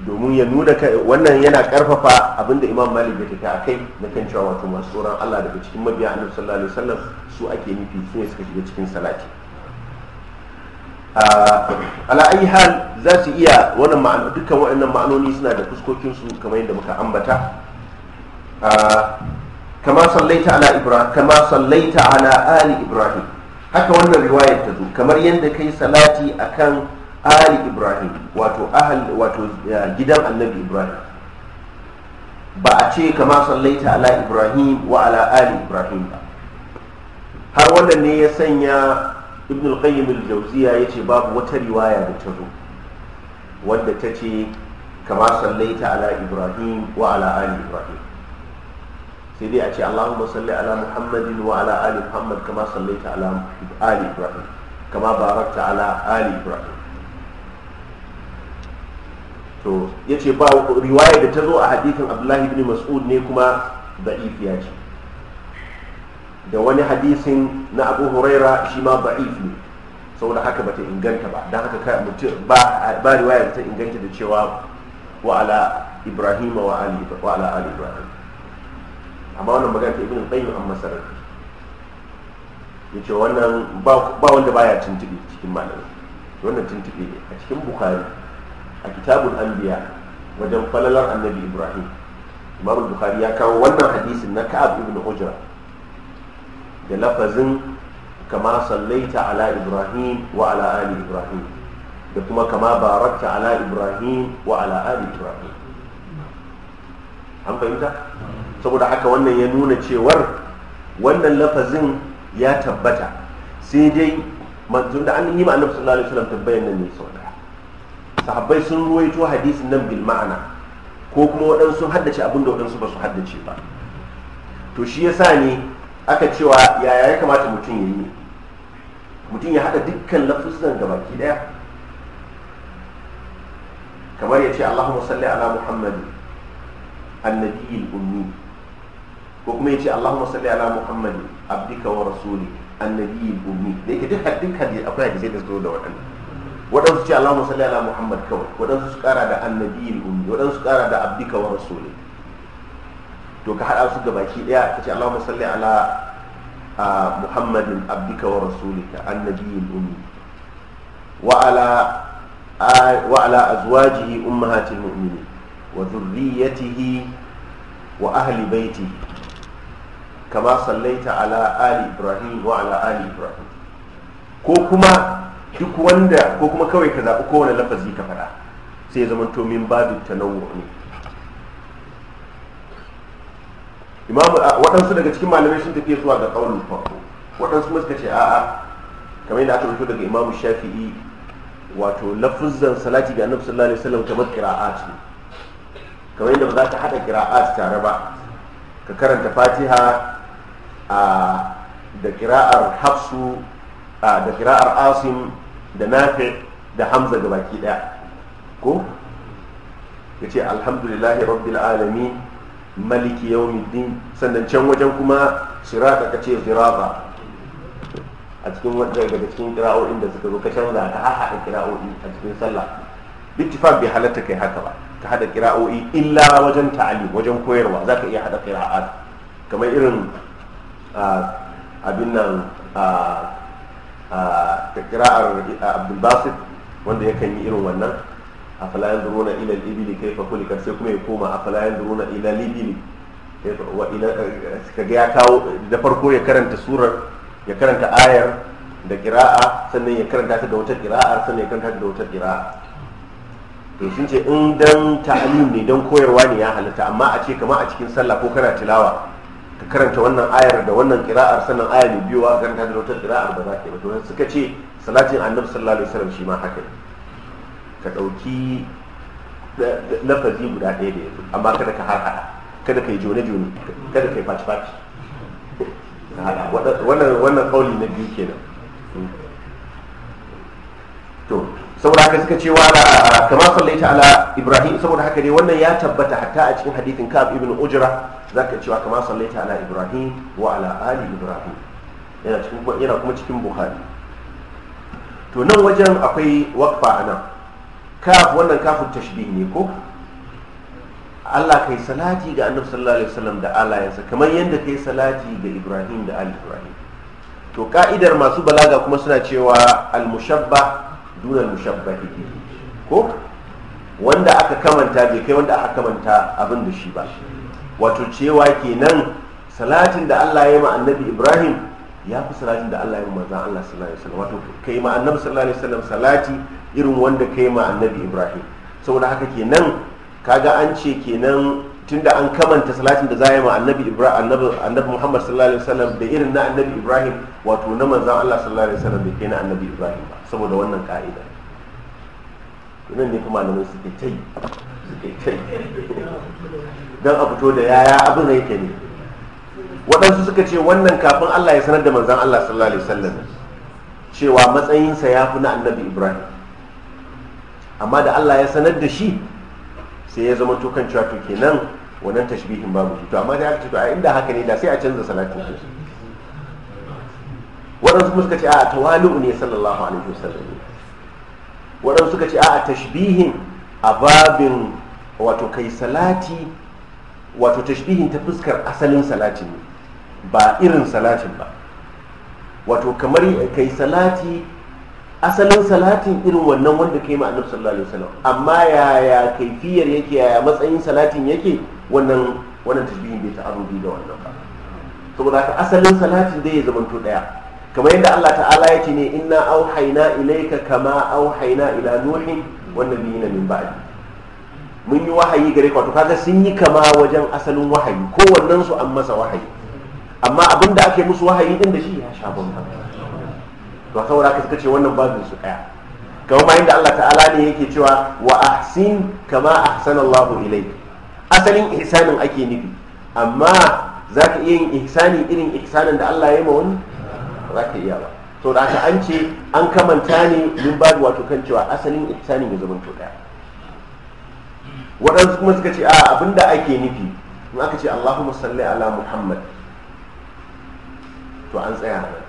domin ya nuna wannan yana karfafa abinda imam malik ya tafi a kai na kan cewa wato masu tsoron allah daga cikin mabiya annabi sallallahu alaihi wasallam su ake nufi su ne suka shiga cikin salati ah, ala ayi hal za su iya wannan ma'ana dukkan waɗannan ma'anoni suna da fuskokin su kamar yadda muka ambata ah, kama sallaita ala ibrahim kama sallaita ala ali ibrahim haka wannan riwayar ta zo kamar yadda kai salati akan ali ibrahim wato ahal wato eh, gidan annabi ibrahim ba a ce kama sallaita ala ibrahim wa ala ali ibrahim ba har wannan ne ya sanya ibn al-qayyim al-jawziya yace babu wata riwaya da ta zo wadda ta ce kama sallaita ala ibrahim wa ala ali ibrahim sai dai a ce allahumma salli ala muhammadin wa ala ali muhammad kama sallaita ala ali ibrahim kama barakta ala ali ibrahim to ya ce ba riwaya da ta zo a hadithin abdullahi ibn mas'ud ne kuma ifiya ce da wani hadisin na abu huraira shi ma da'if sau saboda haka ba ta inganta ba don haka ba ba riwaya da ta inganta da cewa wa ala ibrahim wa ali wa ala ali ibrahim amma wannan magana ta ibn qayyim an masarar ce wannan ba wanda baya tuntube cikin malamai wannan tuntube ne a cikin bukari a kitabul anbiya wajen falalar annabi ibrahim imam bukhari ya kawo wannan hadisin na ka'ab ibn ujra da lafazin kama sallaita ala ibrahim wa ala ali ibrahim da kuma kama barakta ala ibrahim wa ala ali ibrahim an fahimta saboda haka wannan ya nuna cewar wannan lafazin ya tabbata sai dai manzon da an yi ma annabi sallallahu alaihi wasallam tabbayan nan ne sau sahabbai sun ruwaito hadisin nan bil ma'ana ko kuma waɗansu haddace abin da waɗansu ba su haddace ba to shi yasa ne aka cewa yaya ya kamata mutum ya yi mutum ya haɗa dukkan lafuzan ga baki ɗaya kamar ya ce allahumma salli ala muhammadu annabiyil ummi ko kuma ya ce allahumma salli ala muhammadu abdika wa rasuli annabiyil ummi da yake duk hadin akwai hadisai da su da waɗannan waɗansu ce Allahumma salli ala Muhammad kawai waɗansu su ƙara da annabiyil ummi waɗansu su ƙara da abdika wa rasuli to ka haɗa su gabaki ɗaya ka ce Allahumma salli ala Muhammadin abdika wa rasulika annabiyil ummi wa ala wa ala azwajihi ummahatil mu'minin wa dhurriyyatihi wa ahli baitihi kama sallaita ala ali ibrahim wa ala ali ibrahim ko kuma duk wanda ko kuma kawai ka zaɓi kowane lafazi ka faɗa sai ya zama to min babu tanawu ne a waɗansu daga cikin malamai sun tafi zuwa ga ƙaunin farko waɗansu masu kace ce a'a kamar yadda aka rubuto daga imam shafi'i wato lafuzan salati ga annabi sallallahu alaihi wasallam kamar qira'at ne kamar yadda ba za ka haɗa qira'at tare ba ka karanta fatiha a da qira'ar hafsu da kira'ar asim da Nafe da hamza ga baki daya ko ya ce alhamdulillahi rabbil alami maliki yawmiddin sannan can wajen kuma Shirata ka ce ziraba a cikin wajen daga cikin kira'o'in da suka zo ka canza ka haɗa kira'o'i a cikin sallah bittifaq bai halatta kai haka ba ka haɗa kira'o'i illa wajen ta'ali wajen koyarwa za ka iya haɗa kira'a kamar irin abin nan da kira'ar abdul basit wanda yakan yi irin wannan a afala duruna ila libili kai fa kuli sai kuma ya koma afala duruna ila libili ila kaga ya kawo da farko ya karanta surar ya karanta ayar da kira'a sannan ya karanta ta da wata kira'a sannan ya karanta ta da wata kira'a to sun ce in dan ta'alim ne dan koyarwa ne ya halitta amma a ce kamar a cikin sallah ko kana tilawa ka karanta wannan ayar da wannan kira'ar sannan aya mai biyu a karanta da wata kira'ar ba za ka yi ba to suka ce salatin annabi sallallahu alaihi wasallam shi ma haka ne ka ɗauki lafazi guda ɗaya da yanzu amma kada ka har hada kada ka yi jone jone kada ka yi faci faci wannan wannan kauli na biyu kenan hmm. to saboda haka suka ce wala kama sallaita ala ibrahim saboda haka ne wannan ya tabbata hatta a cikin hadithin ka'ab ibn ujra zaka cewa kama sallaita ala ibrahim wa ala ali ibrahim yana cikin yana kuma cikin bukhari to nan wajen akwai waqfa anan kaf wannan kafin tashbih ne ko Allah kai salati ga annabi sallallahu alaihi wasallam da alayansa kamar yadda kai salati ga Ibrahim da Ali Ibrahim to ka'idar masu balaga kuma suna cewa al-mushabbah dunan mushabbahi ko wanda aka kamanta bai kai wanda aka kamanta abin da shi ba wato cewa kenan salatin da Allah ya yi ma annabi Ibrahim ya fi salatin da Allah ya yi ma manzon Allah sallallahu alaihi wasallam wato kai ma annabi sallallahu alaihi wasallam salati irin wanda kai ma annabi Ibrahim saboda haka kenan kaga an ce kenan tunda an kamanta salatin da za yi ma annabi ibrahim annabi muhammad sallallahu alaihi wasallam da irin na annabi ibrahim wato na manzan allah sallallahu alaihi wasallam bai kai na annabi ibrahim ba saboda wannan ka'ida nan ne kuma malamin suke tai suke tai dan a fito da yaya abin da yake ne waɗansu suka ce wannan kafin allah ya sanar da manzan allah sallallahu alaihi wasallam cewa matsayinsa ya fi na annabi ibrahim amma da allah ya sanar da shi sai ya zama tukan cewa to kenan wannan tashbihin babu shi to amma da aka to a inda haka ne da sai a canza salatin su wannan kuma suka ce a tawali'u ne sallallahu alaihi wasallam wannan suka ce a tashbihin a babin wato kai salati wato tashbihin ta fuskar asalin salati ne ba irin salatin ba wato kamar kai salati asalin salatin irin wannan wanda kai ma annabi sallallahu alaihi wasallam amma yaya kaifiyar yake yaya matsayin salatin yake wannan wannan tashbihin bai ta'arudi da wannan ba saboda haka asalin salatin dai ya zamanto daya kamar yadda Allah ta'ala ya ce ne inna auhayna ilayka kama auhayna ila nuhin wan nabiyina min ba'di mun yi wahayi gare ka to kaga sun yi kama wajen asalin wahayi ko wannan su an masa wahayi amma abin da ake musu wahayi din da shi ya sha bamban to saboda haka suka ce wannan babin su daya kamar ma yadda Allah ta'ala ne yake cewa wa ahsin kama ahsanallahu ilayka asalin ihsanin ake nufi amma za ka iya yin ihsani irin ihsanin da Allah ya yi ma wani za ka iya ba to da aka an ce an kamanta ne min ba wato kan cewa asalin ihsanin ya zama to daya waɗansu kuma suka ce a abinda ake nufi in aka ce Allahumma salli ala Muhammad to an tsaya nan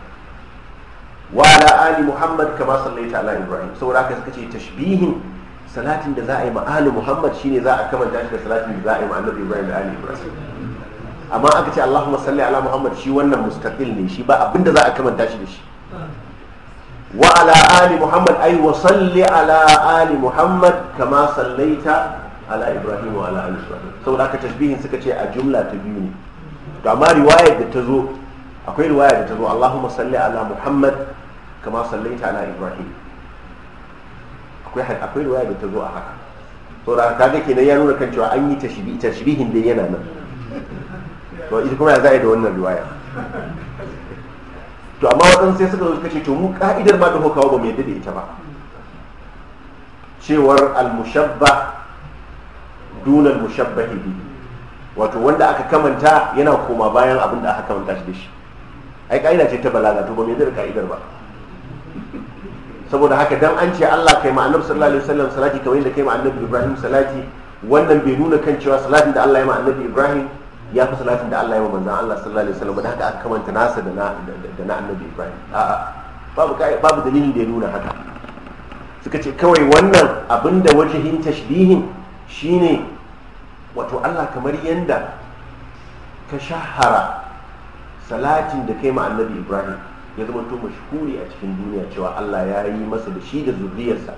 wa ala ali Muhammad kama sallaita ala Ibrahim saboda haka suka ce tashbihin salatin da za a yi ma Muhammad shi ne za a kamanta shi da salatin da za a yi ma ibrahim da ali ibrahim amma aka ce allahumma salli ala muhammad shi wannan mustaqil ne shi ba abinda za a kamanta shi da shi wa ala ali muhammad ay wa salli ala ali muhammad kama sallaita ala ibrahim wa ala ali ibrahim saboda aka tashbihin suka ce a jumla ta biyu ne to amma riwayar da ta zo akwai riwaya da ta zo allahumma salli ala muhammad kama sallaita ala ibrahim akwai akwai riwaya da ta zo a haka Da ka ga kenan ya nuna kan cewa an yi tashbihi tashbihin dai yana nan to ita kuma ya za da wannan riwaya to amma waɗansu sai suka zo suka ce to mu ka'idar ba da hukawa ba mu yadda da ita ba cewar al-mushabba dunal mushabbahi bi wato wanda aka kamanta yana koma bayan abin da aka kamanta shi da shi ai ka'ida ce ta balaga to ba mai da ka'idar ba saboda haka dan an ce Allah kai ma annabi sallallahu alaihi wasallam salati kamar yadda kai ma annabi Ibrahim salati wannan bai nuna kan cewa salatin da Allah ya ma annabi Ibrahim ya fi salatin da Allah ya ma manzon Allah sallallahu alaihi wasallam da haka aka kamanta nasa da na da na annabi Ibrahim a'a babu babu dalilin da ya nuna haka suka ce kawai wannan abinda wajihin tashbihin shine wato Allah kamar yadda ka shahara salatin da kai ma annabi Ibrahim ya zama to mashhuri a cikin duniya cewa Allah ya yi masa da shi da zurriyarsa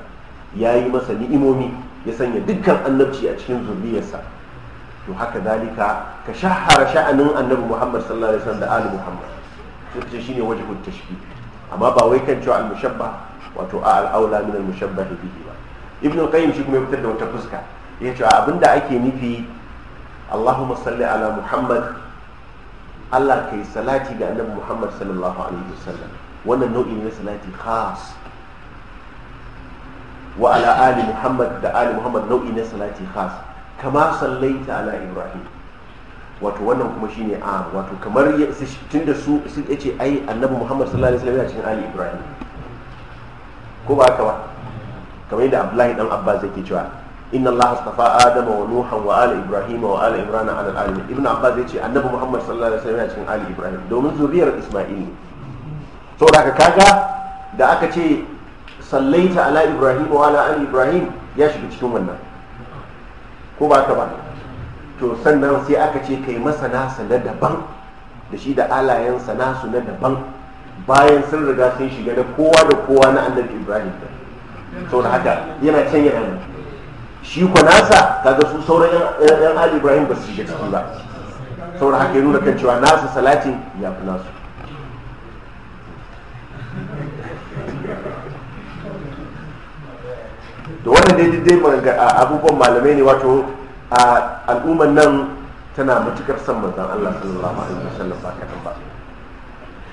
ya yi masa ni'imomi ya sanya dukkan annabci a cikin zurriyarsa to haka zalika ka shahara sha'anin annabi Muhammad sallallahu alaihi wasallam da ali Muhammad sai ce shine wajhul tashbih amma ba wai kan cewa al-mushabbah wato a al-aula min al-mushabbah bihi ba ibn al-qayyim shi kuma ya fitar da wata fuska ya ce abinda ake nufi Allahumma salli ala Muhammad Allah ka yi salati ga annabi Muhammad sallallahu alaihi wasallam wannan nau'i ne salati khas wa ala ali Muhammad da ali Muhammad nau'i ne salati khas kama sallaita ala Ibrahim wato wannan kuma shine a wato kamar tunda su sun yace ai annabi Muhammad sallallahu alaihi wasallam yana cikin ali Ibrahim ko ba haka ba kamar yadda Abdullahi dan Abbas yake cewa inna allaha astafa adama wa nuhan wa ala ibrahim wa ala imran ala alamin ibnu abbas yace annabi muhammad sallallahu alaihi wasallam yana cikin ali ibrahim domin zuriyar isma'il ne da haka kaga da aka ce sallaita ala ibrahim wa ala ali ibrahim ya shiga cikin wannan ko ba ka ba to sannan sai aka ce kai masa nasa na daban da shi da alayensa su na daban bayan sun riga sun shiga da kowa da kowa na annabi ibrahim da haka yana can yana shi ku nasa kaga su sauran yan ali ibrahim ba su shiga ciki ba sauran haka ya nuna kan cewa nasa salatin ya fi nasu da wannan ne ga abubuwan malamai ne wato al'umman nan tana matukar son manzan Allah sallallahu alaihi wasallam ba kaɗan ba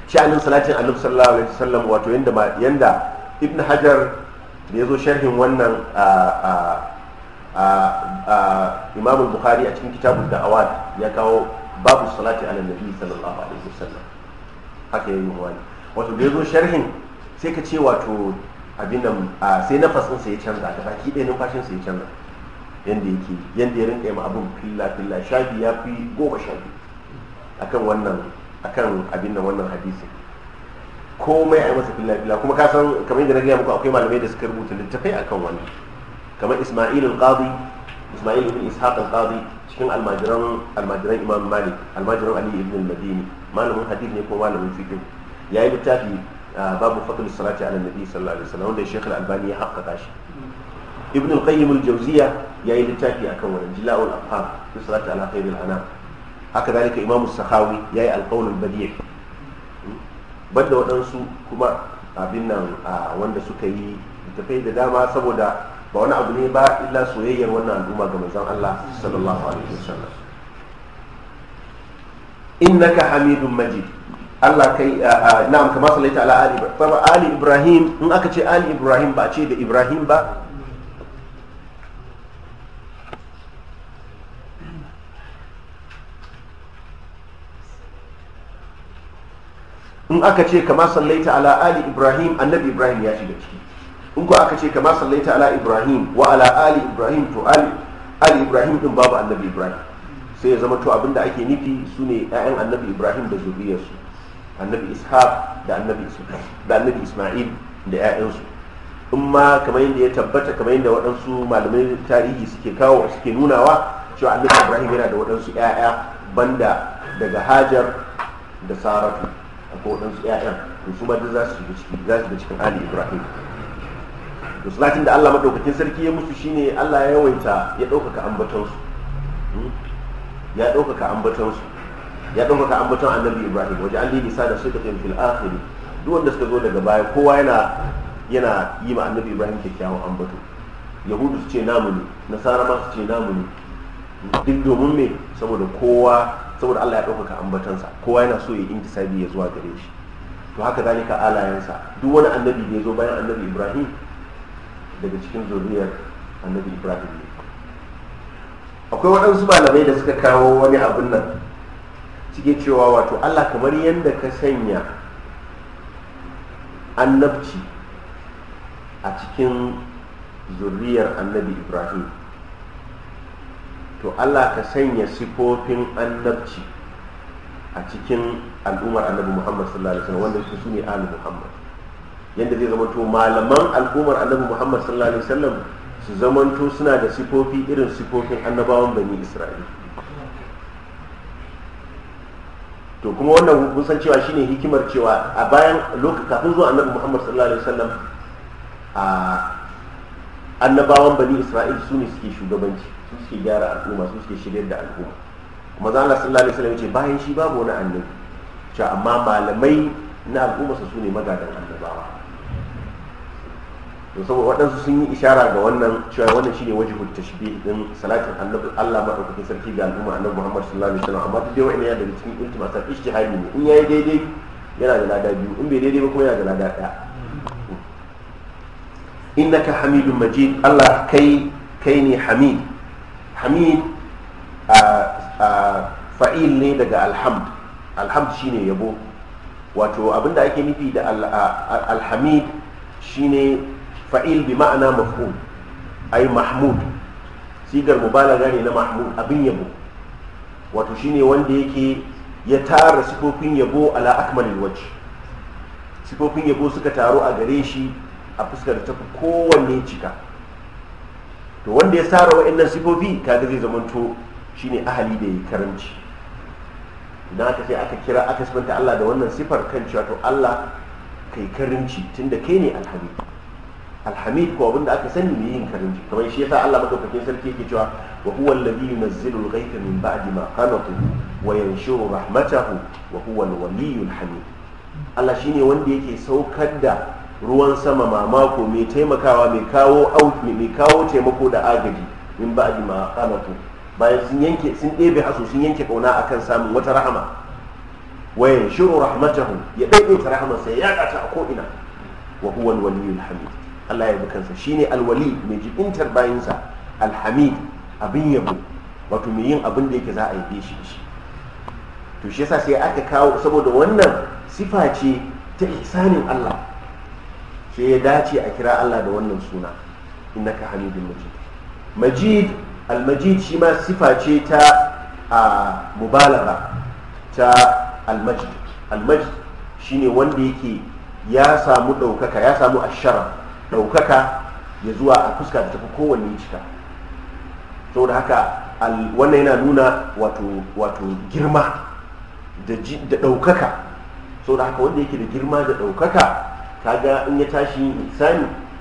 sha'anin salatin annabi sallallahu alaihi wasallam wato yanda ibn hajar da ya zo sharhin wannan a imam bukhari a cikin kitabun Awad ya kawo babu salati ala nabi sallallahu alaihi wasallam haka yayi wani wato da yazo sharhin sai ka ce wato abin nan sai nafasin sa ya canza da baki ɗaya numfashin sa ya canza yanda yake yanda ya rinka yi abin filla filla shafi ya fi goma shafi akan wannan akan abin nan wannan hadisi. komai a yi masa filla filla kuma ka san kamar yadda na gaya muku akwai malamai da suka rubuta littafai akan wannan kamar isma'il al-qadi isma'il ibn ishaq al-qadi cikin almajiran almajiran imam malik almajiran ali ibn al-madini malamin hadith ne ko malamin fiqh yayi littafi babu fadl salati ala nabi sallallahu alaihi wasallam wanda shaykh al-albani ya haqqaqa shi ibn al-qayyim al-jawziya yayi littafi akan wannan jila'ul afham fi salati ala khairil anam haka dalika imam as-sakhawi yayi al-qawl al-badi' banda waɗansu kuma abin nan wanda suka yi tafai da dama saboda ba wani abu ne ba illa soyayyar wannan al'umma ga manzon Allah sallallahu alaihi wasallam innaka hamidun majid Allah kai na'am kama sallaita ala ali ibrahim ali ibrahim in aka ce ali ibrahim ba ce da ibrahim ba in aka ce kama sallaita ala ali ibrahim annabi ibrahim ya shiga ciki in ku aka ce sallai sallaita ala ibrahim wa ala ali ibrahim to ali ibrahim din babu annabi ibrahim sai ya zama to abinda ake nufi sune ƴaƴan annabi ibrahim da zuriyarsu annabi ishaq da annabi da annabi isma'il da ƴaƴansu in ma kamar yadda ya tabbata kamar yadda waɗansu malamai tarihi suke kawo suke nunawa cewa annabi ibrahim yana da waɗansu ƴaƴa banda daga hajar da saratu akwai waɗansu ƴaƴan su ma duk za su shiga ciki za su shiga cikin ali ibrahim to salatin da Allah madaukakin sarki ya musu shine Allah ya yawaita ya ɗaukaka ambatonsu hmm? ya ɗaukaka ambatonsu ya ɗaukaka ambaton annabi Ibrahim waje an lisa da sidqin fil akhir duk wanda suka zo daga baya kowa yana yana yi ma annabi Ibrahim kyakkyawan ambato yahudu su ce namu ne nasara ma su ce namu ne duk domin me saboda kowa saboda Allah ya ɗaukaka ambatonsa kowa yana so ya intisabi ya zuwa gare shi to haka zalika alayansa duk wani annabi da ya zo bayan annabi Ibrahim daga cikin zuriyar annabi ibrahim ne akwai waɗansu malamai da suka kawo wani abin nan cike cewa wato allah kamar yadda ka sanya annabci a cikin zuriyar annabi ibrahim to allah ka sanya sifofin annabci a cikin al'ummar annabi muhammad sallallahu alaihi wasallam wanda su ne ali muhammad yadda zai to malaman al'ummar annabi muhammad sallallahu alaihi wasallam su zamanto suna da sifofi irin sifofin annabawan bani isra'ila to kuma wannan kun san cewa shine hikimar cewa a bayan kafin zuwa annabi muhammad sallallahu alaihi wasallam a annabawan bani isra'ila su ne suke shugabanci su suke gyara al'umma su suke shirya da al'umma kuma zan Allah sallallahu alaihi wasallam ya ce bayan shi babu wani annabi cewa amma malamai na al'ummarsa su ne magadan annabawa to saboda waɗansu sun yi ishara ga wannan cewa wannan shine wajibul tashbih din salatin annabi Allah madaukakin sarki ga al'umma annabi Muhammad sallallahu alaihi wasallam amma duk dai wa'ina daga cikin iltimasan ijtihadi ne in yayi daidai yana da lada biyu in bai daidai ba kuma yana da lada ɗaya innaka hamidun majid Allah kai kai ne hamid hamid fa'il ne daga alhamd alhamd shine yabo wato abinda ake nufi da alhamid shine fa'il bi ma'ana maf'ul ai mahmud sigar mubalaga ne na mahmud abin yabo wato shine wanda yake ya tara sifofin yabo ala akmalil waji sifofin yabo suka taru a gare shi a fuskar tafi kowanne cika to wanda ya tsara wa'annan sifofi kaga zai zamanto shine ahali da ya karanci. idan aka ce aka kira aka sifanta Allah da wannan sifar kan cewa to Allah kai karimci tunda kai ne alhamdulillah alhamid ko abinda aka sani ne yin karinci kamar shi yasa Allah madaukakin sarki yake cewa wa huwa alladhi yunazzilu al-ghaytha min ba'di ma qanatu wa yanshuru rahmatahu wa huwa al-waliyyul hamid Allah shine wanda yake saukar da ruwan sama mamako mai taimakawa mai kawo auki mai kawo taimako da agaji min ba'di ma qanatu bayan sun yanke sun ɗebe hasu sun yanke kauna akan samun wata rahama wa yanshuru rahmatahu ya daidaita rahamarsa ya yada ta a ko ina wa huwa al-waliyyul hamid Allah ya bukansa kansa shine alwali mai jibintar bayansa alhamid abin yabo wato mai yin abin da yake za a yi shi shi to shi yasa sai aka kawo saboda wannan sifa ce ta ihsanin Allah sai ya dace a kira Allah da wannan suna innaka hamidul majid majid almajid shi ma sifa ce ta a mubalaga ta almajid almajid shine wanda yake ya samu ɗaukaka ya samu ashara ɗaukaka ya zuwa a fuska da tafi kowanne cika saboda haka wannan yana nuna wato girma da ɗaukaka saboda haka wanda yake da girma da ɗaukaka kaga in ya tashi yin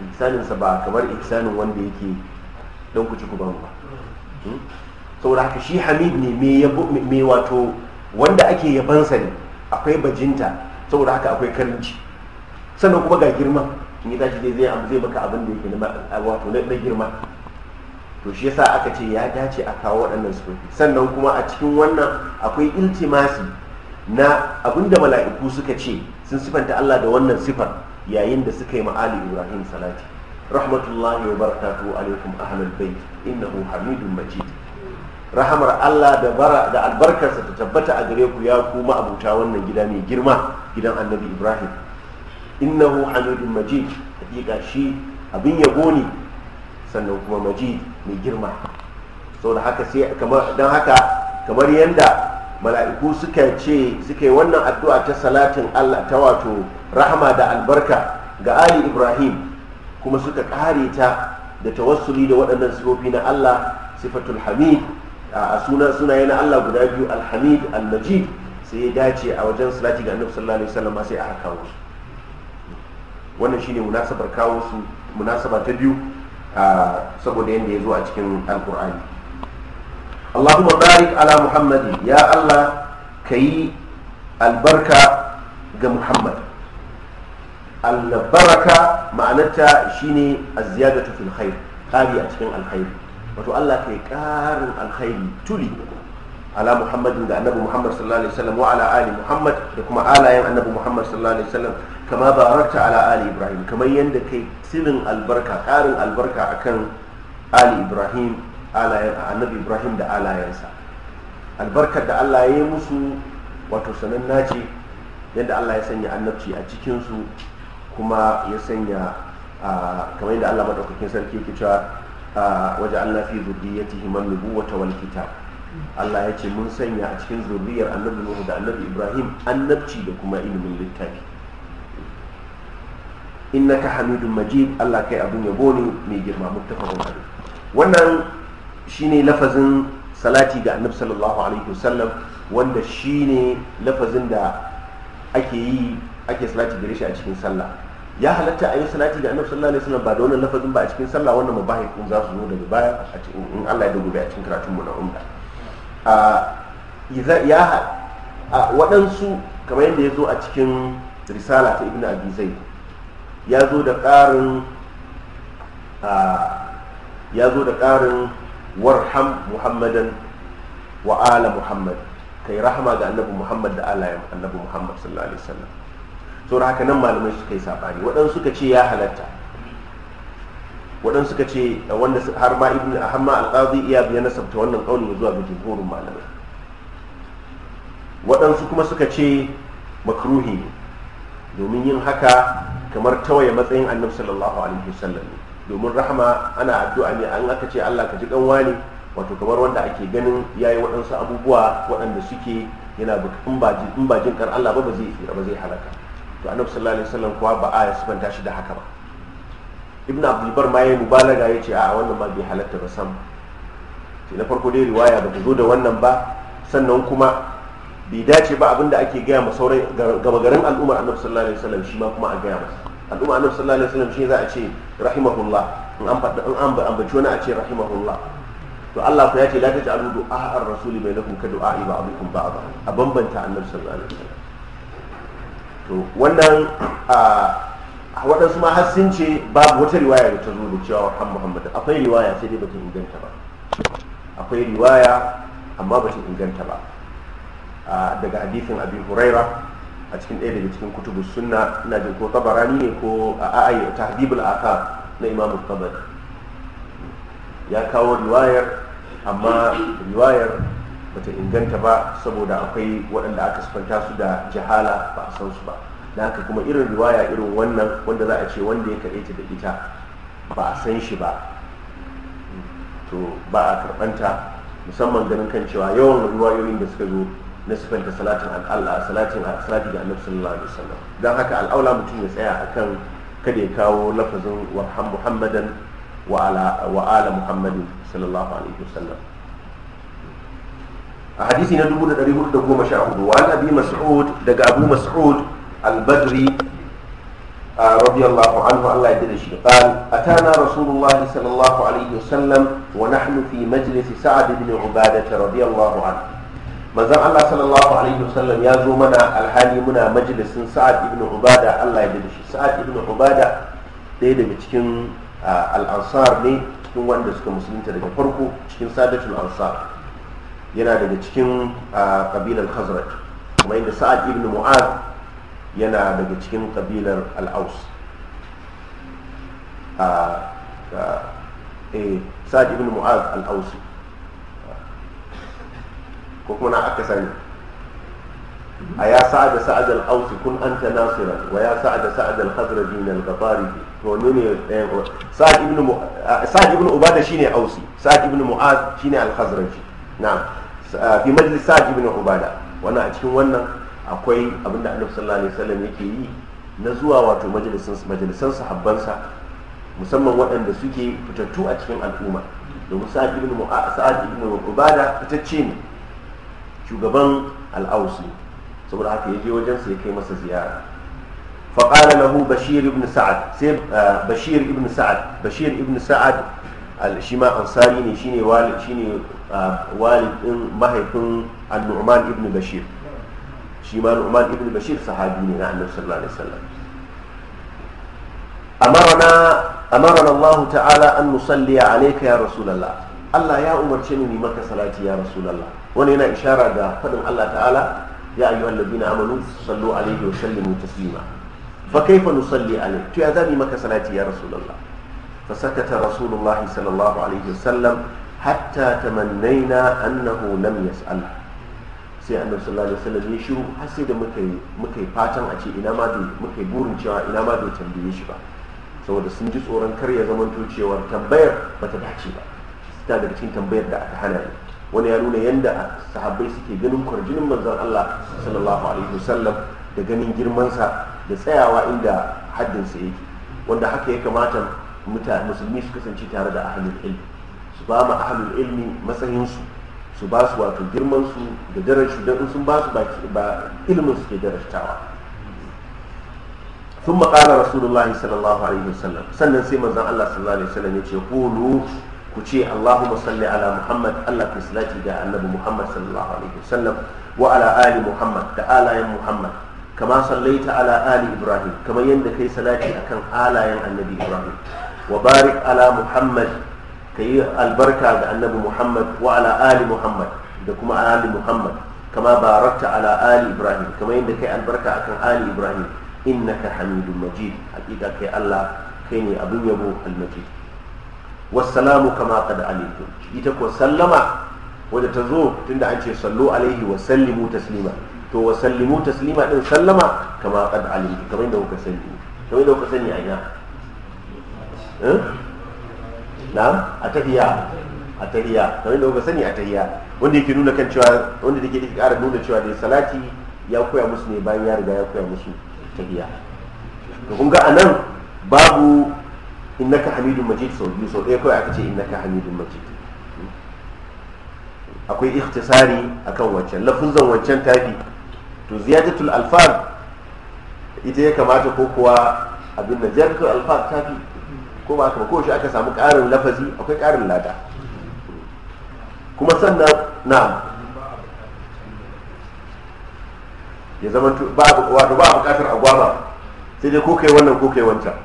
ihsani ba kamar ihsanin wanda yake don ku ci ku ba hmm? saboda haka shi hamid ne mai wato wanda ake yabansa ne akwai bajinta saboda haka akwai karinci sannan kuma ga girma in ya tashi zai abu zai maka abin da yake na wato na girma to shi yasa aka ce ya dace a kawo waɗannan sifofi sannan kuma a cikin wannan akwai iltimasi na abinda mala'iku suka ce sun sifanta Allah da wannan sifar yayin da suka yi ma'ali Ibrahim salati rahmatullahi wa barakatu alaikum ahlul bait innahu hamidun majid rahamar Allah da bara da albarkarsa ta tabbata a gare ku ya kuma abuta wannan gida mai girma gidan Annabi Ibrahim innahu hamidun majid hakika shi abin yabo ne sannan kuma majid mai girma da haka sai don haka kamar yadda mala'iku suka ce suka yi wannan addu'a ta salatin Allah ta wato rahama da albarka ga Ali Ibrahim kuma suka kare ta da tawassuli da waɗannan sifofi na Allah sifatul hamid a suna sunaye na Allah guda biyu alhamid almajid sai ya dace a wajen salati ga annabi sallallahu alaihi wasallam sai a kawo su wannan shine munasabar kawo su munasaba ta biyu saboda yadda ya zo a cikin alkur'ani allahumma barik ala muhammadin ya allah ka yi albarka ga muhammad albaraka ma'anarta shine aziyadatu fil khair kari a cikin alkhairi wato allah ka yi karin alkhairi tuli ala muhammadin da annabi muhammad sallallahu alaihi wasallam wa ala ali muhammad da kuma alayen annabi muhammad sallallahu alaihi wasallam kama barakta ala ali ibrahim kamar yadda kai silin albarka karin albarka akan ali ibrahim annabi ibrahim da alayensa albarkar da allah ya yi musu wato sananna ce yadda allah ya sanya annabci a cikinsu kuma ya sanya kamar yadda allah maɗaukakin sarki ke cewa waje allah fi zurriyatihi man nubuwata wal kitab allah ya ce mun sanya a cikin zurriyar annabi nuhu da annabi ibrahim annabci da kuma ilimin littafi innaka hamidun majid Allah kai abun yabo ne mai girma muttafaqun alaihi wannan shine lafazin salati ga annabi sallallahu alaihi wasallam wanda shine lafazin da ake yi ake salati gare shi a cikin sallah ya halatta a yi salati ga annabi sallallahu alaihi wasallam ba da wannan lafazin ba a cikin sallah wannan mubahir kun za su zo daga baya a cikin in Allah ya dubo a cikin karatun mu na umma a ya waɗansu kamar yadda ya zo a cikin risala ta ibnu abi zaid ya zo da ƙarin ya zo da ƙarin warham muhammadan wa ala muhammad yi rahama ga annabi muhammad da ala annabi muhammad sallallahu alaihi wasallam saboda haka nan malamai suka yi sabani waɗansu suka ce ya halatta waɗansu suka ce wanda har ma ibn ahamma al-qadi iya biya nasabta wannan kaulin zuwa ga horon malamai waɗansu kuma suka ce makruhi domin yin haka kamar tawaye matsayin annabi sallallahu alaihi wasallam ne domin rahama ana addu'a ne an aka ce Allah ka ji dan wani wato kamar wanda ake ganin yayi waɗansu abubuwa waɗanda suke yana in ba in ba jin kar Allah ba ba zai ba zai halaka to annabi sallallahu alaihi wasallam kuwa ba a sifanta shi da haka ba ibn abdul bar ma yayi mubalaga yace a wannan ma bai halatta ba sam sai na farko dai riwaya ba ta zo da wannan ba sannan kuma bai dace ba abin da ake gaya ma sauran gaba garin al'ummar annabi sallallahu alaihi wasallam shi ma kuma a gaya masa al'ummar annabi sallallahu alaihi wasallam shi za a ce rahimahullah in an fada in an ambaci wani a ce rahimahullah to Allah ku ya ce la taj'alu du'a ar-rasuli bainakum ka du'a ba'dikum ba a bambanta annabi sallallahu alaihi wasallam to wannan a waɗansu ma har sun ce babu wata riwaya da ta zo da cewa wa muhammad akwai riwaya sai dai bata inganta ba akwai riwaya amma bata inganta ba daga hadisin abin huraira a cikin ɗaya daga cikin kutubu sunna ina jin ko tabarani ne ko a ayi habibul aka na imam tabari ya kawo riwayar amma riwayar bata inganta ba saboda akwai waɗanda aka sifanta su da jihala ba a san su ba da haka kuma irin riwaya irin wannan wanda za a ce wanda ya kaɗe ta da ita ba a san shi ba to ba a karɓanta musamman ganin kan cewa yawan riwayoyin da suka zo na sifanta salatin Allah salatin salati ga annabi sallallahu alaihi wasallam dan haka al'aula mutum ya tsaya akan kada ya kawo lafazin warham muhammadan wa ala wa ala muhammadin sallallahu alaihi wasallam a hadisi na 1414 wa an mas'ud daga abu mas'ud al-badri رضي الله عنه الله يدري شيء قال أتانا رسول الله صلى الله عليه وسلم ونحن في مجلس سعد بن عبادة رضي الله عنه manzon Allah sallallahu alaihi wasallam ya zo mana alhali muna majalisin Sa'ad ibn Ubada Allah ya da shi Sa'ad ibn Ubada ɗaya daga cikin al-Ansar ne cikin wanda suka musulunta daga farko cikin Sadatul Ansar yana daga cikin kabilar Khazraj kuma inda Sa'ad ibn Mu'az yana daga cikin kabilar Al-Aus eh, Sa'ad ibn Mu'az Al-Ausi ko kuma na aka sani a ya sa'ada sa'ad al-ausi kun anta nasira wa ya sa'ada sa'ad al-khazraji min al-qatari to ne ne eh, sa'ad ibn sa'ad ibn ubada shine ausi sa'ad ibn mu'az shine al-khazraji na'am fi majlis sa'ad ibn ubada wannan a cikin wannan akwai abinda annabi sallallahu alaihi wasallam yake yi na zuwa wato majalisan majalisan sahabbansa musamman waɗanda suke fitattu a cikin al'umma domin sa'ad ibn mu'az sa'ad ibn ubada fitacce ne shugaban al'aus ne saboda haka ya je wajen sai kai masa ziyara faƙala hu bashir ibn sa'ad sai eh, bashir ibn sa'ad bashir ibn sa'ad shi ma ansari ne shine eh, walid walidin mahaifin al numan ibn bashir shi ma nu'man ibn bashir sahabi ne na annabi sallallahu alaihi wasallam amarna أمرنا الله تعالى أن نصلي عليك يا رسول الله الله يا أمر شنو مكة صلاتي يا wani yana ishara da faɗin Allah ta'ala ya ayyuhal ladina amanu sallu alaihi wa sallimu taslima fa kaifa nusalli alayhi. to ya zabi maka salati ya rasulullah fa sakata rasulullahi sallallahu alaihi wasallam hatta tamannaina annahu lam yas'al sai annabi sallallahu alaihi wasallam ya shiru har sai da muka yi muka yi fatan a ce ina ma da muka yi burin cewa ina ma da tambaye shi ba saboda sun ji tsoron kar ya zamanto cewar tambayar bata dace ba ta daga cikin tambayar da aka hana ni wani ya nuna yadda sahabbai suke ganin kwarjinin manzon Allah sallallahu alaihi wasallam da ganin girmansa da tsayawa inda haddinsa yake wanda haka ya kamata mutane musulmi su kasance tare da ahlul ilmi su ba ma ahlul ilmi matsayinsu su ba su wato su, da darashi don sun ba su ba ilimin suke darashtawa ثم قال رسول الله صلى الله عليه وسلم سنن سيما الله صلى الله عليه وسلم يقول ku ce Allahumma salli ala Muhammad Allah ka salati ga annabi Muhammad sallallahu alaihi wasallam wa ala ali Muhammad da alayen Muhammad kama sallaita ala ali Ibrahim kamar yadda kai salati akan alayen annabi Ibrahim wa barik ala Muhammad kayi albarka ga annabi Muhammad wa ala ali Muhammad da kuma ali Muhammad kama barakta ala ali Ibrahim kamar yadda kai albarka akan ali Ibrahim innaka hamidun majid hakika kai Allah kai ne abin yabo al-majid wasalamu kama kada alimtum ita ko sallama wadda ta zo tunda an ce sallu alaihi wa sallimu taslima to wa sallimu taslima din sallama kama qad alimtum kamar yadda kuka sani kamar yadda kuka sani a ina eh? na a tahiya a tahiya kamar yadda kuka sani a tahiya wanda yake nuna kan cewa wanda take take ƙara nuna cewa dai salati ya koya musu ne bayan ya riga ya koya musu tahiya to kun ga anan babu innaka hamidun majid sau biyu sau ɗaya kawai aka ce innaka hamidun majid akwai ikhtisari akan wancan lafuzan wancan tafi to ziyadatul alfar ita ya kamata ko kuwa abin da ziyadatul alfar tafi ko ba haka ko aka samu ƙarin lafazi akwai ƙarin lada kuma sannan na ya zama ba a a agwama sai dai ko kai wannan ko kai wancan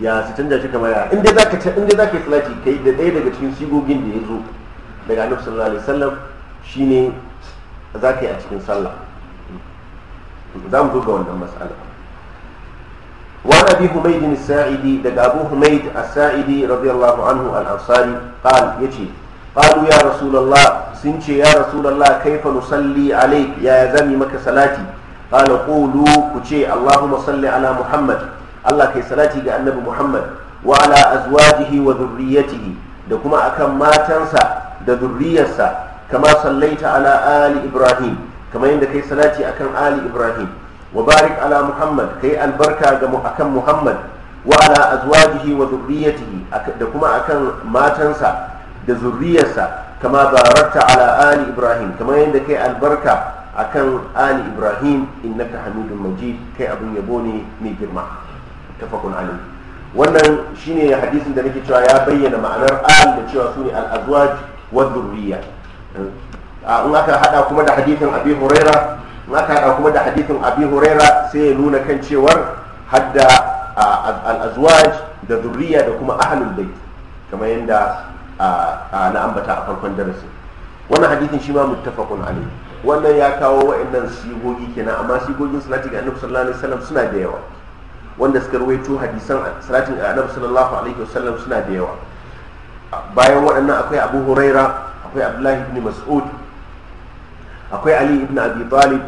ya su canja shi kamar ya inda za ka inda salati kai da ɗaya daga cikin sigogin da ya zo daga annabi sallallahu alaihi wasallam shine za yi a cikin sallah za mu zo ga wannan mas'ala وعن ابي حميد الساعدي دق ابو حميد الساعدي رضي الله عنه الانصاري قال يجي قالوا يا رسول الله سنشي يا رسول الله كيف نصلي عليك يا maka salati صلاتي قال ku ce اللهم صل على muhammad. Allah kai salati ga annabi Muhammad wa ala azwajihi wa dhurriyyatihi da kuma akan matansa da zurriyarsa kama sallaita ala ali Ibrahim kamar yadda kai salati akan ali Ibrahim wa barik ala Muhammad kai albarka ga akan Muhammad wa ala azwajihi wa dhurriyyatihi da kuma akan matansa da zurriyarsa kama barakta ala ali ibrahim kamar yadda kai albarka akan ali ibrahim innaka hamidun majid kai abin yabo ne mai girma tafakun alim wannan shine hadisin da nake cewa ya bayyana ma'anar al da cewa su al-azwaj wa dhurriyya ah, in aka hada kuma da hadisin abi huraira in aka hada kuma da hadisin abi huraira sai ya nuna kan cewar hadda ah, al-azwaj da dhurriyya da kuma ahlul bait kamar yadda ah, na ambata a farkon darasi wannan hadisin shi ma muttafaqun alai wannan ya kawo wa'annan sigogi kenan amma sigogin salati ga annabi sallallahu alaihi wasallam suna da yawa wanda suka ruwaito hadisan salatin annabi sallallahu alaihi wasallam suna da yawa bayan waɗannan akwai abu huraira akwai abdullahi ibn mas'ud akwai ali ibn abi talib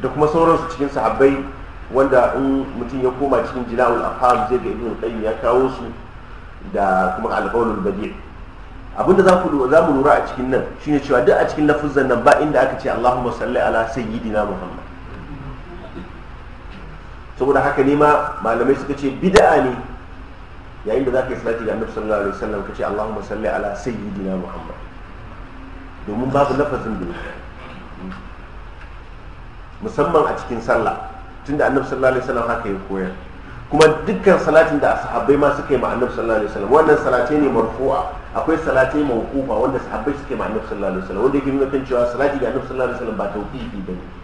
da kuma sauransu cikin sahabbai wanda in mutum ya koma cikin jila'ul afam zai ga ibn qayyim ya kawo su da kuma al-qawlul badi' abinda za ku mu lura a cikin nan shine cewa duk a cikin lafuzan nan ba inda aka ce Allahumma salli ala sayyidina Muhammad saboda haka nima ma malamai suka ce bid'a ne yayin da za yi salati ga annabi sallallahu alaihi wasallam ka ce Allahumma salli ala sayyidina Muhammad domin babu lafazin da musamman a cikin sallah tunda annabi sallallahu alaihi wasallam haka ya koyar kuma dukkan salatin da sahabbai ma suka yi ma annabi sallallahu alaihi wasallam wannan salate ne marfu'a akwai salate mawqufa wanda sahabbai suka yi ma annabi sallallahu alaihi wasallam wanda yake nuna cewa salati ga annabi sallallahu alaihi wasallam ba tauqifi bane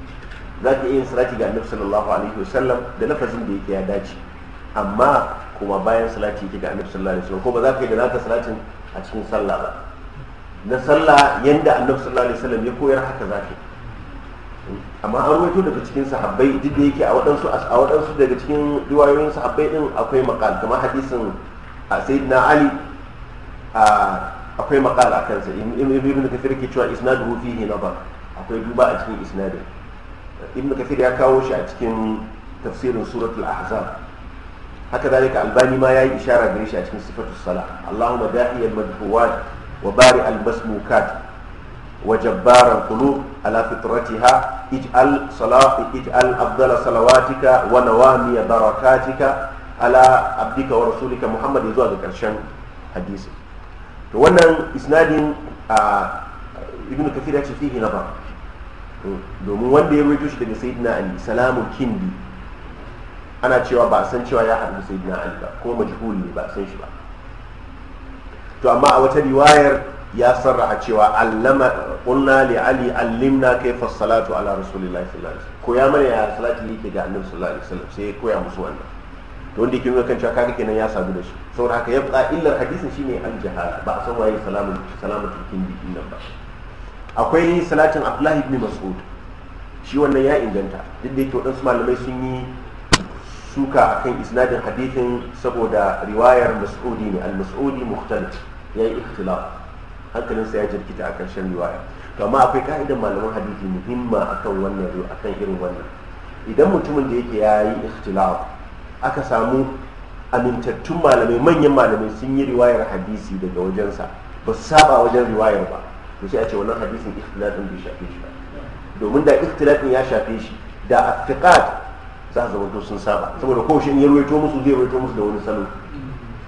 za ka iya yin salati ga annabi sallallahu alaihi wasallam da lafazin da yake ya dace amma kuma bayan salati yake ga annabi sallallahu alaihi wasallam ko ba za ka yi da naka salatin a cikin sallah ba na sallah yanda annabi sallallahu alaihi wasallam ya koyar haka za ka amma an rawaito daga cikin sahabbai duk da yake a waɗansu a waɗansu daga cikin riwayoyin sahabbai din akwai maqal kamar hadisin sayyidina ali akwai maqal akan sa ibn kathir ke cewa isnaduhu fihi nabar akwai duba a cikin isnadin ibn kafir ya kawo shi a cikin tafsirin suratul ahzab haka zalika albani ma yayi ishara gare shi a cikin sifatus sala allahumma dahi al madhuwat wa bari al masmukat wa jabbar al qulub ala fitratiha ij'al salati ij'al afdal salawatika wa nawami barakatika ala abdika wa rasulika muhammad zuwa ga karshen hadisi to wannan isnadin ibn kafir ya ce fihi nazar domin wanda ya rubuto shi daga sayyidina ali salamu kindi ana cewa ba san cewa ya haɗu sayyidina ali ba ko majhul ne ba san shi ba to amma a wata riwayar ya sarraha cewa allama qulna li ali allimna kayfa salatu ala rasulillahi sallallahu alaihi wasallam koya mana ya salati yake ga annabi sallallahu alaihi wasallam sai koya musu wannan to wanda yake kan cewa kaga kenan ya sadu da shi saboda haka ya fa illar hadisin shine al jahala ba a san waye salamu salamu kindi din nan ba akwai salatin abdullahi ibn mas'ud shi wannan ya inganta duk da yake waɗansu malamai sun yi suka akan isnadin hadithin saboda riwayar mas'udi ne al-mas'udi mukhtalif ya yi ikhtilaf hankalinsa ya jirkita akan shan riwaya to amma akwai ka'idan malaman hadithi muhimma akan wannan akan irin wannan idan mutumin da yake yayi ikhtilaf aka samu amintattun malamai manyan malamai sun yi riwayar hadisi daga wajensa ba su saba wajen riwayar ba to sai a ce wannan hadisin ikhtilafin bai shafe shi ba domin da ikhtilafin ya shafe shi da afiqat za su zama sun saba saboda ko shi in ya ruwaito musu zai ruwaito musu da wani salo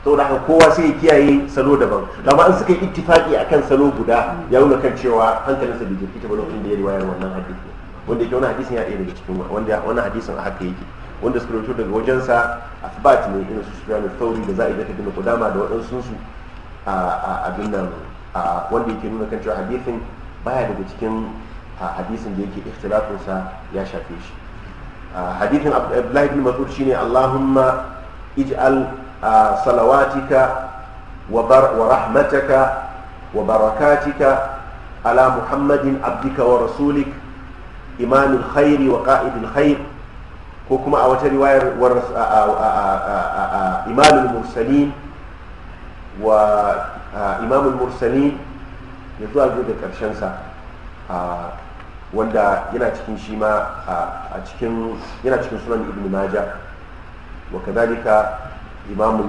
saboda haka kowa sai ya kiyaye salo daban amma an suka yi ittifaqi akan salo guda ya nuna kan cewa hankalinsa bai jirkita ba lokacin da ya riwayar wannan hadisi wanda yake wannan hadisin ya ɗaya daga cikin wanda wannan hadisin haka yake wanda suka rubuto daga wajensa asbat ne irin su su al-thawri da za'ida ta bin qudama da waɗansu su a abin nan wanda yake nuna kan cewa hadisin baya daga cikin hadisin da yake ikhtilafin sa ya shafe shi hadisin Abdullahi shi Mas'ud shine Allahumma ij'al salawatika wa rahmataka wa barakatika على محمد عبدك ورسولك إمام الخير وقائد الخير كوكما أو رواية إمام المرسلين wa imamul mursali ya zuwa da karshen sa wanda yana cikin shi ma a cikin yana cikin sunan ibn maja wa kadalika imamul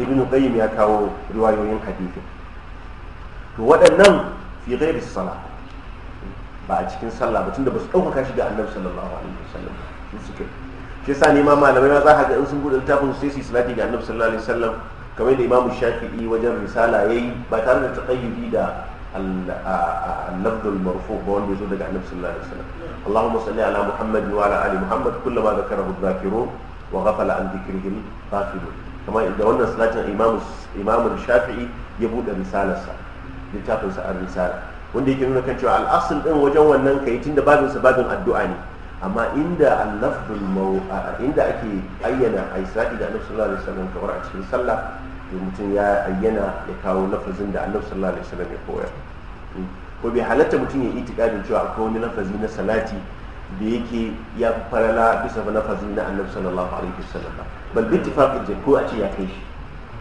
ibn qayyim ya kawo riwayoyin hadithin to waɗannan fi ghairi sala ba a cikin sallah ba tunda ba su ɗaukaka shi ga annabi sallallahu alaihi wasallam su suke shi yasa ne ma malamai ma za ka ga in sun buɗe littafin sai su yi salati ga annabi sallallahu alaihi wasallam kamar da imamu shafi'i wajen risala ya yi ba tare da taƙayyudi da al marfu ba wanda ya zo daga annabi sallallahu alaihi wasallam Allahumma salli ala Muhammad wa ala ali Muhammad kullama zakarahu dhakirun wa ghafala an dhikrihim ghafilun kamar da wannan salatin imamu imamu shafi'i ya bude risalarsa littafin sa ar-risala wanda yake nuna kan cewa al-asl din wajen wannan kai tunda babin sa babin addu'a ne amma inda al inda ake ayyana a isra'i da annabi sallallahu alaihi wasallam kawar a cikin sallah mutum ya ayyana ya kawo lafazin da annabi sallallahu alaihi wasallam ya koyar ko bai halatta mutum ya yi itikadin cewa akwai wani lafazi na salati da yake ya fi farala bisa ga lafazi na annabi sallallahu alaihi wasallam ba bal bi ittifaqil jami ko a ce ya kai shi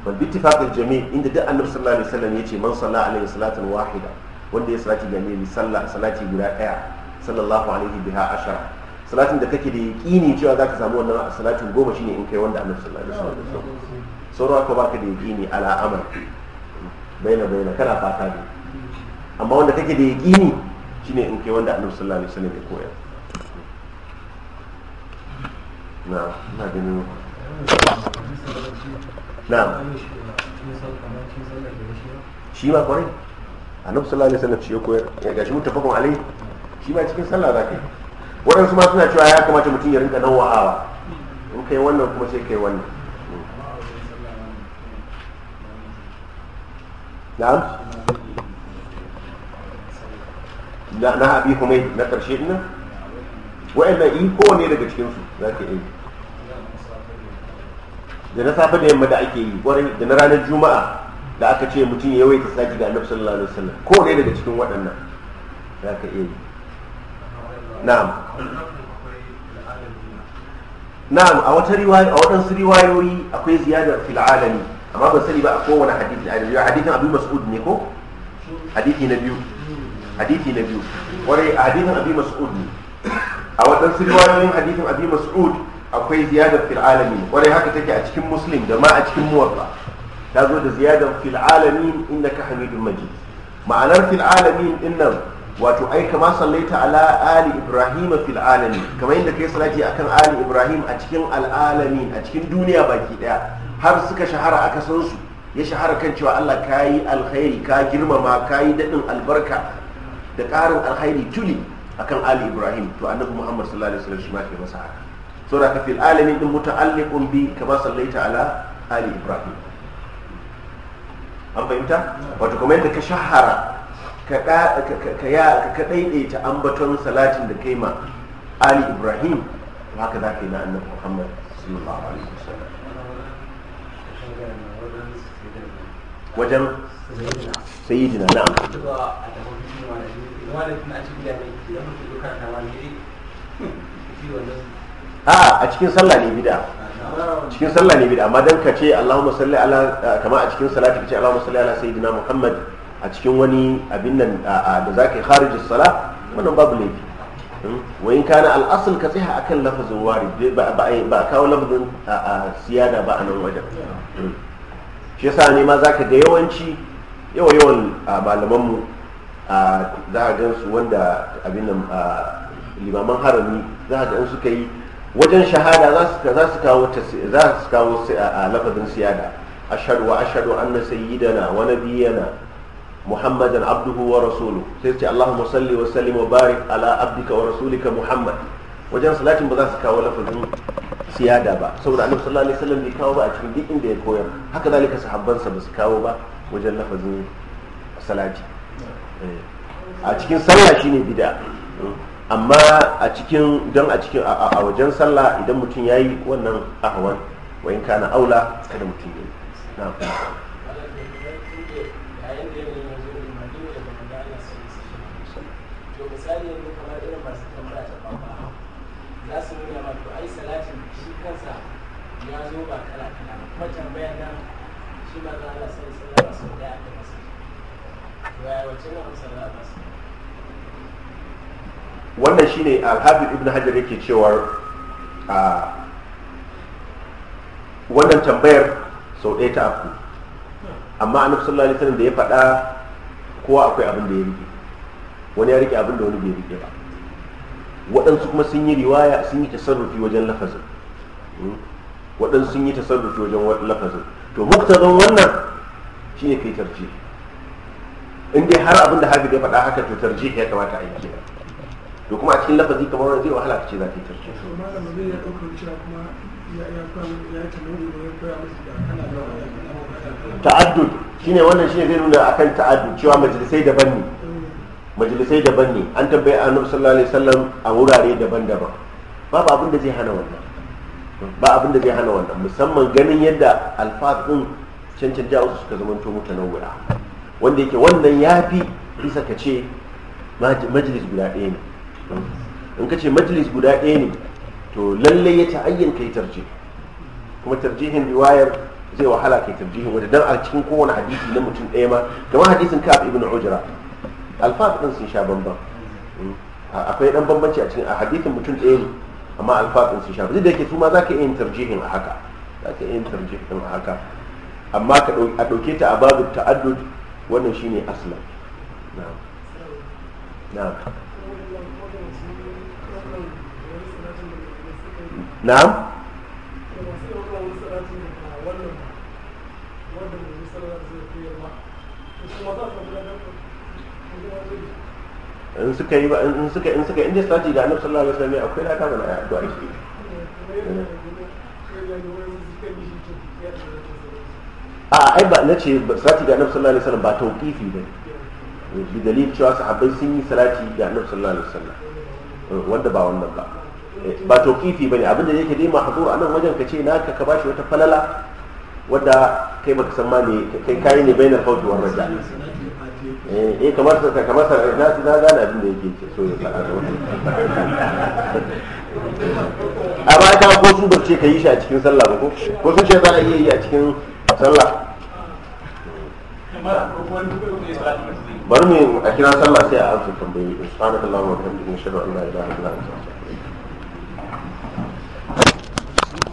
bal bi ittifaqil jami inda duk annabi sallallahu alaihi wasallam ya ce man salla alaihi salatan wahida wanda ya salati ga ne sallah salati guda daya sallallahu alaihi biha ashara salatin da kake da yaqini cewa zaka samu wannan salatin goma shine in kai wanda annabi sallallahu alaihi wasallam sauran ka baka da yaƙini ala amal baina baina kana fata ne amma wanda kake da yaƙini shine in kai wanda annabi sallallahu alaihi wasallam ya koyar na ina ganin na shi ma kwarai annabi sallallahu alaihi wasallam shi ya koyar gashi mutafakun alai shi ma cikin sallah zaka yi waɗansu ma suna cewa ya kamata mutum ya rinka nawa'awa in kai wannan kuma sai kai wannan na'am na abi humai na karshe ina wa'annan in kowane daga cikinsu za ka yi da na safe da yamma da ake yi da na ranar juma'a da aka ce mutum ya yawaita saji ga annabi sallallahu alaihi wasallam kowane daga cikin waɗannan za ka iya yi na'am na'am a wata riwaya a waɗansu riwayoyi akwai ziyadar fil alami amma ban sani ba a kowane hadithi hadisi a Hadithin abu mas'ud ne ko Hadithi na biyu Hadithi na biyu kwarai a hadithin abu mas'ud ne a waɗansu riwayoyin hadithin abu mas'ud akwai ziyadar fil'alami. alamin kwarai haka take a cikin muslim da ma a cikin muwatta ta zo da ziyadar fil'alami inda ka hamidun majid ma'anar fil alamin din nan wato ai kama sallaita ala ali ibrahim fil'alami. kamar yadda kai salati akan ali ibrahim a cikin al'alami a cikin duniya baki daya har suka shahara aka san su ya shahara kan cewa Allah ka yi alkhairi ka girmama ka yi daɗin albarka da ƙarin alkhairi tuli akan ali ibrahim to annabi muhammad sallallahu alaihi wasallam shi ma ke masa haka saboda ka fil alamin din muta'alliqun bi kama sallaita ala ali ibrahim an fahimta wato kuma yadda ka shahara ka ka ya ka daidaita ambaton salatin da kai ma ali ibrahim haka zaka yi na annabi muhammad sallallahu alaihi wasallam wajen sayidina na'am a a cikin sallah ne bida cikin sallah ne bida amma dan ka ce Allahumma salli ala kama a cikin salati kace Allahumma salli ala sayidina Muhammad a cikin wani abin nan da zaka yi kharijus sala wannan babu laifi hmm? wa in kana al-asl ka tsaya akan lafazin warid ba ba kawo lafazin siyada ba a nan wajen hmm. shi yasa ne ma zaka ga yawanci yawa yawan a ah, malaman mu ah, a gan su wanda abin nan ah, limaman harami za a suka yi wajen shahada za su kawo za su kawo lafazin siyada ashhadu wa ashhadu anna sayyidana wa na muhammadan abduhu wa rasuluhu sai ce allahumma salli wa sallim wa barik ala abdika wa rasulika muhammad wajen salatin ba za su kawo lafazin siyada ba saboda annabi sallallahu alaihi wasallam bai kawo ba a cikin duk inda ya koyar haka zalika sahabbansa ba su kawo ba wajen lafazin salati eh, a cikin sallah shine bid'a amma a cikin don a cikin a wajen sallah idan mutum yayi wannan ahwan wa in kana aula kada mutum yayi na'am Wannan shi ne za a sai ya wannan ibn hajar yake cewar wannan tambayar sau ɗaya ta afku amma annabi sallallahu alaihi wasallam da ya faɗa kowa akwai abin da ya rike wani ya rike abin da wani bai rike ba waɗansu kuma sun yi riwaya sun yi tasarrufi wajen lafazin hmm? waɗansu sun yi tasarrufi wajen lafazin to muktazan wannan shi ne kai tarji in dai har da hafiz ya faɗa haka to tarji ya kamata a yi ke to kuma a cikin lafazi kamar wani zai wahala ka ce za ka yi tarji ta'addud ne wannan shi ne zai nuna a kan ta'addud cewa majalisai daban ne majalisai daban ne an tabbai annabi sallallahu alaihi wasallam a wurare daban-daban babu abin da zai hana wannan ba abin da zai hana wannan musamman ganin yadda alfaz din cancan jawo suka zamanto mutanawwi'a wanda yake wannan fi bisa ka ce majalis guda ɗaya ne in ka ce majalis guda ɗaya ne to lallai ya ta'ayyan kai tarje. kuma tarjihin riwayar zai wahala kai tarjihin wanda dan a cikin kowane hadisi na mutum ɗaya ma kamar hadisin ka ibn ujra alfaz din sun sha bambam hmm. akwai dan bambanci a cikin a hadisin mutum ɗaya ne اما الفاظ انسشاف دي دكي ثم ذاك انترجيه حكا ذاك انترجيه حكا اما كدوكيتا اباب التعدد وانا شيني اصلا نعم نعم نعم in suka yi ba in suka in suka inda salati ga annabi sallallahu alaihi wasallam akwai lada mana ai addu'a shi a ai ba na ce salati ga annabi sallallahu alaihi wasallam ba tawqifi ba bi dalil cewa sahabbai sun yi salati ga annabi sallallahu alaihi wasallam wanda ba wannan ba eh, ba tawqifi bane abin da yake dai mahzur a nan wajen ka ce naka ka bashi wata falala wanda kai baka san ma ne kai kai ne bainar fawti war raja'a Eh, eh kamar sa kamar sa na na gane abin da yake ce so ya faɗa da wani a ba ta ko su bace ka yi shi a cikin sallah ba ko ko sun ce za a iya yi a cikin sallah bari mu a kira sallah sai a amsa tambayoyi subhanakallahumma wa bihamdika nashhadu an la ilaha illa anta